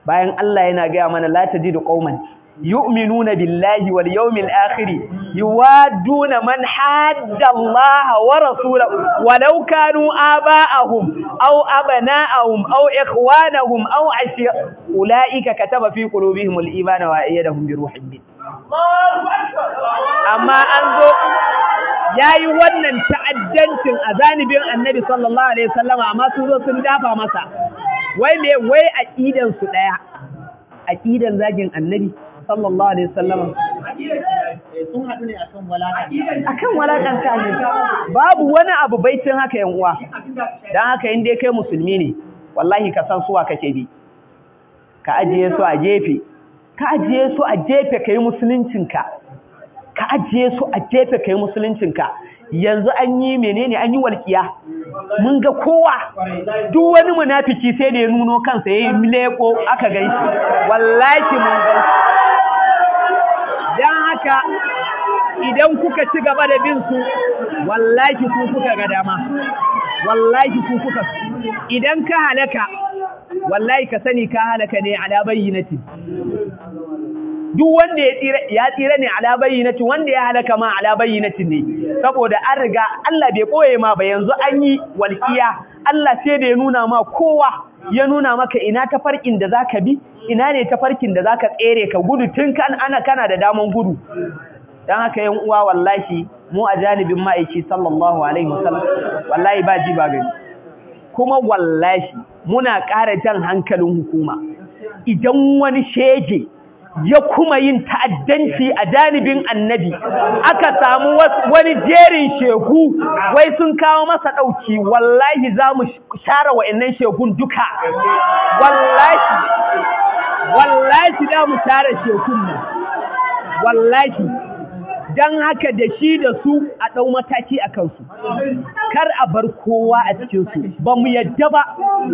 bayan Allah yana gaya mana la da qauman yu'minuna billahi wal yawmil akhir yuwaduna man hadda Allah wa rasulahu walau kanu aba'ahum aw abna'ahum aw ikhwanahum aw ashiya ulaika kataba fi qulubihim al iman wa ayyadahum bi ruhin min amma an zo yayi wannan ta'addancin azanibin annabi sallallahu alaihi wasallam amma sun dafa masa wai me wai aqidan su daya aqidan zagin annabi sallallahu alaihi wasallam eh, sun haɗu ne akan walakanta akan walakanta ne babu wani abu baitin haka yan uwa dan haka in dai kai musulmi ne wallahi ka san suwa kake bi ka ajiye su a gefe ka ajiye su a gefe kai musuluncinka ka ajiye su a gefe kai musuluncinka yanzu an yi menene an yi walƙiya mun ga kowa duk wani munafiki sai da ya nuno kansa ya yi leko aka gan shi wallahi mun ga dan don haka idan kuka ci gaba da bin su wallahi ku kuka ga dama wallahi ku kuka idan ka halaka wallahi ka sani ka halaka ne ala bayyinati duk wanda ya tsira ya tsira ne ala bayyinati wanda ya halaka ma ala bayyinati ne saboda an riga Allah bai koye ma ba yanzu an yi walkiya Allah sai da ya nuna ma kowa ya nuna maka ina ta farkin da zaka bi ina ne ta farkin da zaka tsere ka gudu tun kan ana kana da daman gudu dan haka yan uwa wallahi mu a janibin ma'aiki sallallahu alaihi wasallam wallahi ba ji ba gani kuma wallahi muna ƙara jan hankalin hukuma idan wani shege ya kuma yin ta'addanci a janibin annabi aka samu wani jerin sheku wai sun kawo masa ɗauki wallahi za mu share wa'annan shekun duka wallahi wallahi za mu share shehun nan wallahi don haka da shi da su a ɗau mataki a kansu kar a bar kowa a cikinsu ba mu yadda ba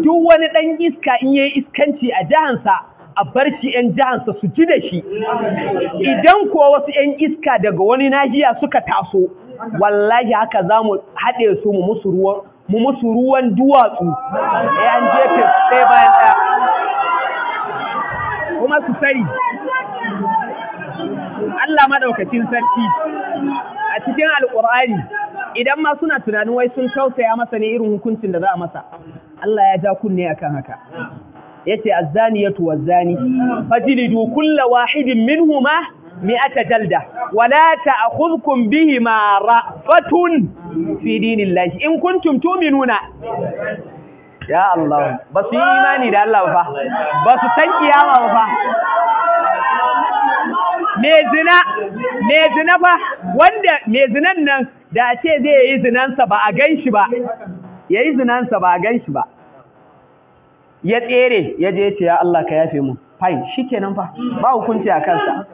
duk wani ɗan iska in yi iskanci a jihansa a barci 'yan jihansa su ji da shi idan kuwa wasu 'yan iska daga wani nahiya suka taso wallahi haka za mu haɗe su mu musu ruwan mu musu ruwan duwatsu yan jefe ɗaya bayan ɗaya kuma su sani Allah maɗaukacin sarki a cikin alƙur'ani idan ma suna tunanin wai sun tausaya masa ne irin hukuncin da za a masa Allah ya ja kunne akan haka yace az ya waz-zani fajlidu kulla wahidin minhuma mi'ata jalda wa la ta'khudhukum bihima rafatun fi dinillahi in kuntum tu'minuna ya Allah ba su yi imani da Allah ba ba su san kiyama ba me zina me zina ba wanda me zinan nan da ce zai yi zinansa ba a gan shi ba yayi zinansa ba a gan shi ba ya tsere ya je ce ya Allah ka yafe mu fine shikenan fa ba hukunci a kansa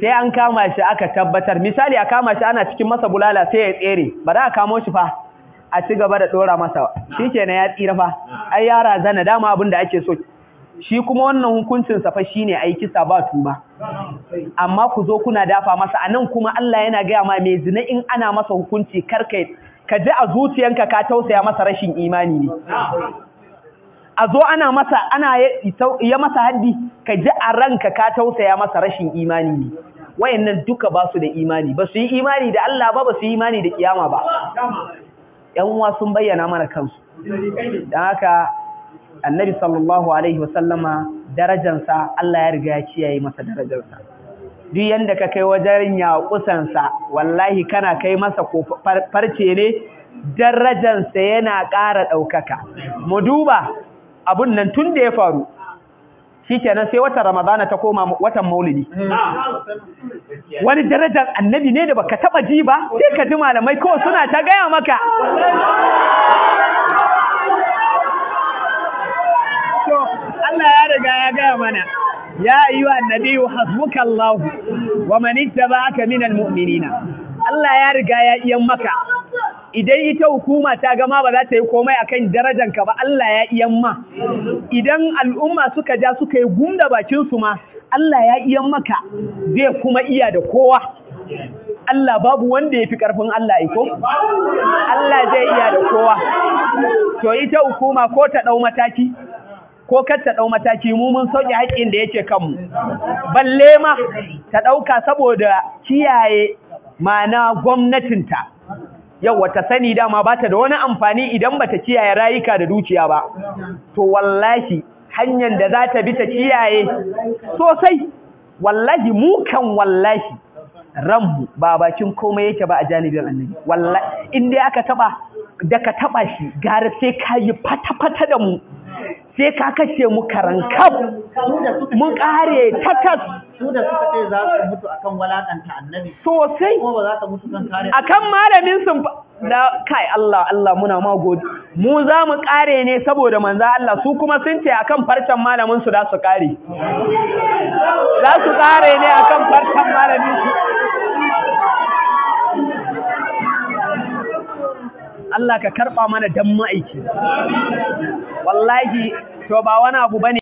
sai an kama shi aka tabbatar misali a kama shi ana cikin masa bulala sai ya tsere ba za a kamo shi fa a ci gaba da dora masa shikenan ya tsira fa ai yara zana dama abin da ake so shi kuma wannan hukuncin sa fa shine ai kisa ba ba. amma ku zo kuna dafa masa anan kuma Allah yana gaya ma mai zina in ana masa hukunci karkai ka ji a zuciyanka ka tausaya masa rashin imani ne a zo ana masa ana ya masa haddi ka ji a ranka ka tausaya masa rashin imani ne wayannan duka ba su da imani ba su yi imani da Allah ba ba su yi imani da kiyama ba yan uwa sun bayyana mana kansu dan haka annabi sallallahu alaihi wasallama darajansa Allah ya riga ya kiyaye masa darajarsa duk yanda ka kai wajen ya kusansa wallahi kana kai masa ko farce ne darajansa yana ƙara ɗaukaka mu duba abun nan tun da ya faru shi shikenan sai watan ramadana ta koma watan maulidi wani darajar annabi ne da baka taba ji ba sai ka ji malamai kawai suna ta gaya maka Allah ya riga ya gaya mana ya ayyuha hasbukallahu wa man ittaba'aka minal mu'minina Allah ya riga ya iyan maka idan ita hukuma ta gama ba za ta yi komai akan darajanka ba Allah ya iyan ma idan al'umma suka ja suka yi gunda bakin su ma Allah ya iyan maka zai kuma iya da kowa Allah babu wanda ya fi ƙarfin Allah iko? Allah zai iya da kowa. To ita hukuma ko ta ɗau mataki, ko kar ta ɗau mataki mu mun sauke haƙƙin da yake kanmu. Balle ma ta ɗauka saboda kiyaye mana gwamnatinta. Yau wata sani dama ba ta da wani amfani idan ba ta kiyaye rayuka da dukiya ba to wallahi hanyar da za ta bi ta kiyaye sosai wallahi mu kan wallahi ranmu ba bakin komai yake ba a janibin annabi wallahi in dai aka taba da ka taba shi gara sai ka yi fata-fata da mu sai ka kashe mu karan mun kare takas su da suka ce za su mutu akan walakanta annabi sosai kuma ba za ka mutu kan kare akan malamin sun da kai Allah Allah muna ma gode mu za mu kare ne saboda manzo Allah su kuma sun ce akan farcen malamin su da su kare za su kare ne akan farcen malamin su Allah ka karɓa mana dan ma'aiki wallahi to ba wani abu bane